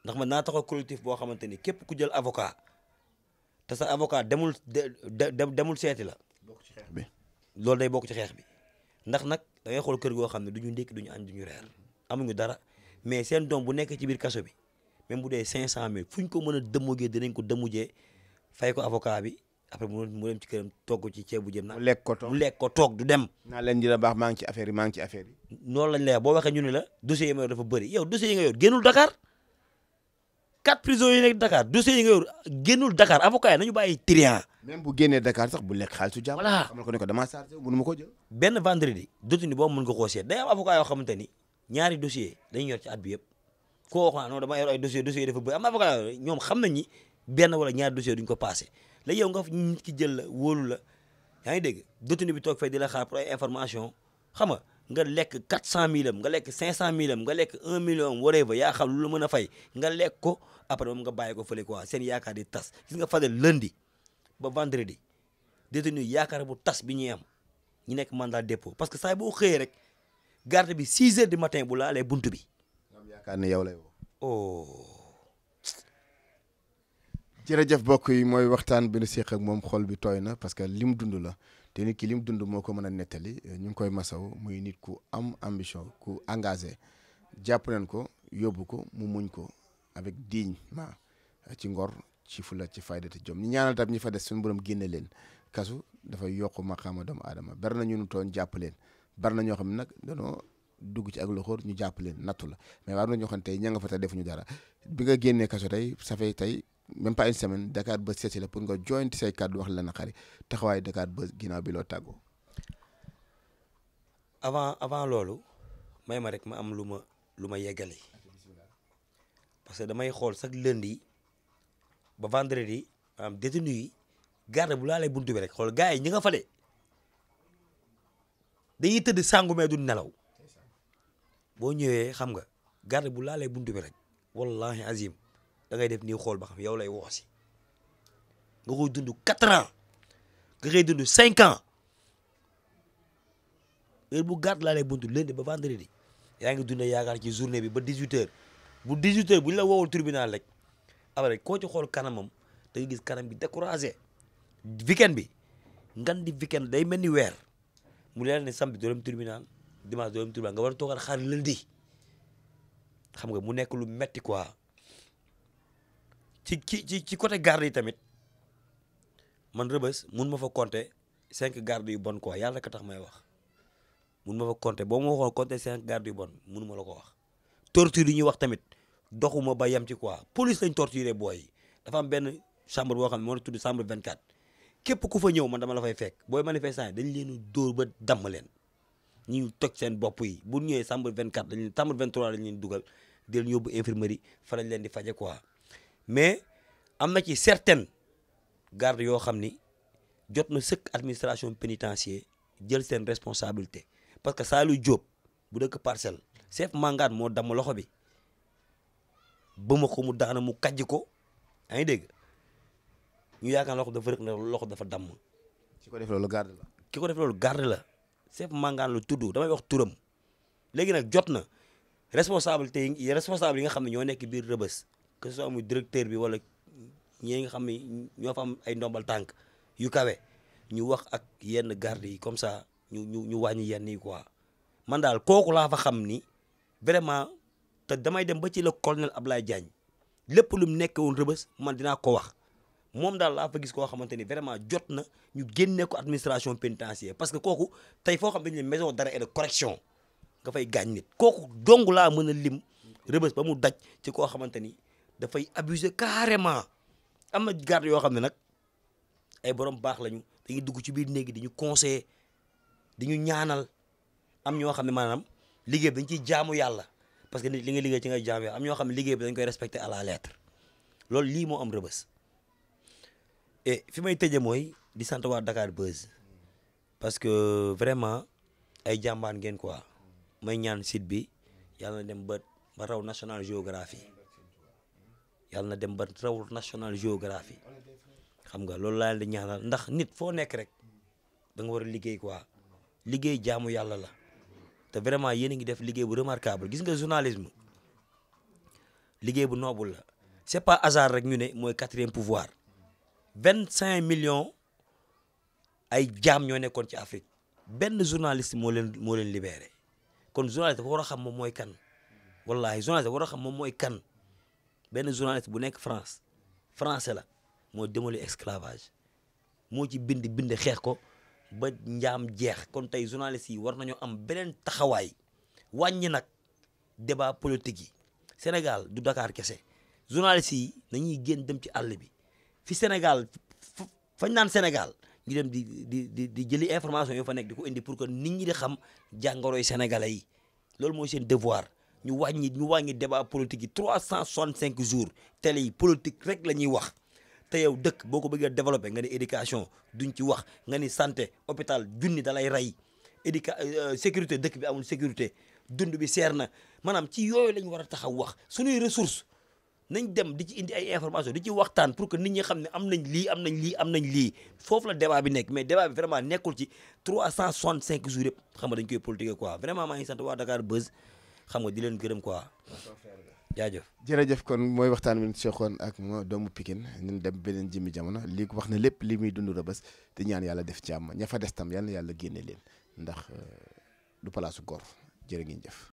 ndax man naa taxaw collectif boo xamante ni képp ku jël avocat te sa avocat demul demul seeti la. bokk xeex bi loolu day bokk ci xeex bi ndax nag da xool kër goo xam ne du ñu ndékki du ñu añ du ñu reer amuñu dara mais seen doom bu nekk ci biir kaso bi même bu dee mais fu ñu ko mën a dëmmujee dinañ ko dëmmujee fay ko avocat bi. après mu mu dem ci toog togg ci ceebu jën. mu lekk ko toog mu lekk ko toog du dem. naa baax maa ngi ci affaire yi maa ngi ci affaire yi. noonu lañ lay wax boo waxee ñu ne la dossiers yi ma yor dafa yi nga yor génnul Dakar quatre prisons yi nekk Dakar dossiers yi nga yor génnul Dakar avocat yi nañu bàyyi trian. même bu génnee Dakar sax bu lekk xaalisu jàmm. voilà xamal ko ne ko damaa chargé mënu ma ko jël. benn vendredi dootuñu boobu koo seet day yoo xamante ni ñaari dossiers dañuy yor ci at bi yëpp koo wax naa non dama yor ay dossiers dossiers yi dafa bëri am avocat yoo ñoom xam nañ ni benn wala ñaari dossier duñ ko passé léegi yow nga nit ki jël la wóolu la yaa ngi dégg détenu bi toog fay di la xaar information xam nga nga lekk 400000 am nga lekk 500000 am nga lekk 1 million am ba yaa xam lu la mën a fay nga lekk ko après moom nga bàyyi ko fële quoi seen yaakaar di tas gis nga fadel lundi ba vendredi détenu yaakaar bu tas bi ñuy am ñu nekk mandat dépôt parce que saa boo xëyee rek garde bi 6 heures du matin bu laalee buntu bi. nga yaakaar ne yow lay woo. Oh. jërëjëf bokk yi mooy waxtaan bi nu séq ak moom xol bi tooy na parce que lim dund la te nit ki lim dund moo ko mën a nettali ñu ngi koy masaw muy nit ku am ambition ku engagé jàpp leen ko yóbbu ko mu muñ ko avec ma ci ngor ci fula ci fayda te jom ñi ñaanal tam ñi fa des suñu borom génne leen kasu dafay yokk maqaama doomu aadama bari na ñu nu tooñ jàpp bari na ñoo xam ne nag danoo dugg ci ak loxoor ñu jàpp leen nattu la mais war na ñoo xam ne tey ña nga fa defuñu dara bi nga génnee kaso tey safee tey même pas une semaine Dakar Buzz seetsi la pour nga joint say kàddu wax la na xari taxawaayu Dakar Buzz ginnaaw bi loo tàggoo. avant avant loolu may ma rek ma am lu ma lu ma yeggale parce que damay xool chaque lundi ba vendredi maanaam détenu yi garde bu laalee buntu bi rek xool gars yi ñi nga fa de dañuy tëdd sangu mais du nelaw boo ñëwee xam nga garde bu laalee buntu bi rek wallahi azim da ngay def nii xool ba xam yow lay woo si nga koy dund quatre ans nga koy dund cinq ans heure bu gàtt laa lay buntu lundi ba vendredi yaa ngi dund yaakaar ci journée bi ba dix huit heures bu dix huit heures bu ñu la woowul tribunal rek après koo ci xool kanamam da nga gis kanam bi découragé weekend bi ngan di weekend day mel ni weer mu leer ne samedi doo dem tribunal dimanche doo nga war a toogal xaar lundi xam nga mu nekk lu metti quoi ci ci ci côté garde yi tamit man rëbës mun ma fa compter cinq garde yu bon quoi yàlla ka tax may wax mun ma fa compter boo ma waxoon compter cinq garde yu bon mun ma la ko wax. torture yi ñuy wax tamit doxuma ba yem ci quoi police lañ torturé booy yi dafa am benn chambre boo xam ne moo la tudd chambre 24 képp ku fa ñëw man dama la fay fekk booy manifestant dañ leen dóor ba damm leen. ñu toj seen bopp yi bu ñëwee chambre 24 dañ leen chambre 23 dañ leen dugal di leen yóbbu infirmerie fa lañ leen di faje quoi mais am na ci certaines gardes yoo xam ni jot na sëkk administration pénitentiaire jël seen responsabilité parce que Saliou Diop bu dëkk parcelle chef mangaan moo damm loxo bi ba ma ko mu daana mu kàjj ko yaa ngi dégg ñu yaakaar loxo dafa rëkk na loxo dafa damm. ki ko def loolu garde la. ki ko def loolu garde la chef mangaan lu tudd damay wax turam léegi nag jot na responsabilité yi responsable yi nga xam ne ñoo nekk biir rëbës. que ce soit muy directeur bi wala ñi nga xam ne ñoo fa am ay ndombal tànk yu kawe ñu wax ak yenn garde yi comme ça ñu ñu ñu wàññi yenn yi quoi man daal kooku laa fa xam ni vraiment te damay dem ba ci le colonel Ablaye Diagne lépp lu mu nekkee woon rëbës man dinaa ko wax moom daal laa fa gis koo xamante ni vraiment jot na ñu génne ko administration pénitentiaire parce que kooku tey foo xam dañu ne maison d'arrêt et de correction nga fay gaañ nit kooku dong laa mën a lim rëbës ba mu daj ci koo xamante ni. dafay abuse carrément am na garde yoo xam ne nag ay borom baax lañu dañuy dugg ci biir néegi dañu conseiller dañu ñaanal am ñoo xam ne maanaam liggéey bi dañ ciy jaamu yàlla parce que nit li nga liggéey ci ngay jaamu am ñoo xam ne liggéey bi dañ koy respecter à la lettre loolu lii moo am rëbës et fi may tëje mooy di sant waa Dakar Buzz parce que vraiment ay jàmbaan ngeen quoi may ñaan site bi yàlla na dem ba ba raw National Géographie yàlla na dem ba raw National Geographic xam nga loolu laa leen di ndax nit foo nekk rek da nga war a liggéey quoi liggéey jaamu yàlla la te vraiment yéen a ngi def liggéey bu remarquable gis nga journalisme liggéey bu noble la c'est pas hasard rek ñu ne mooy quatrième pouvoir vingt cinq million ay jaam ñoo nekkoon ci Afrique benn journaliste moo leen moo leen libéré kon journaliste dafa war a xam moom mooy kan wallahi journaliste dafa war a xam moom mooy kan benn journaliste bu nekk France français la moo démoli esclavage moo ci bind bind xeex ko ba njaam jeex kon tey journaliste yi war nañoo am beneen taxawaay wàññi nag débat politique yi Sénégal du Dakar kese journaliste yi nañuy génn dem ci àll bi fi Sénégal fañ naan Sénégal ñu dem di di di di jëli information yoo fa nekk di ko indi pour que nit ñi di xam jàngoroy sénégalais yi loolu mooy seen devoir ñu wàññi ñu wàññi débat politique yi trois cent soixante cinq jours télé yi politique rek la ñuy wax te yow dëkk boo ko bëggee développé nga ni éducation duñ ci wax nga ni santé hôpital junni da lay rey éduca euh, sécurité dëkk bi amul sécurité dund bi seer na maanaam ci yooyu lañ war a taxaw wax suñuy ressources nañ dem di ci indi ay information di ci waxtaan pour que nit ñi xam ne am nañ lii am nañ lii am nañ lii foofu la débat bi nekk mais débat bi vraiment nekkul ci trois cent soixante cinq jours yëpp xam nga dañ koy politique quoi vraiment maa ngi sant waa xam nga di leen gërëm quoi jaajëf jërëjëf kon mooy waxtaan wi soxoon ak ma doomu Pikine ñun dem beneen jëmmi jamono lii ko wax ne lépp li muy dund rëbës te ñaan yàlla def jàmm ña fa des tam yàlla yàlla génne leen ndax euh, du palaasu góor jërë ngeen jëf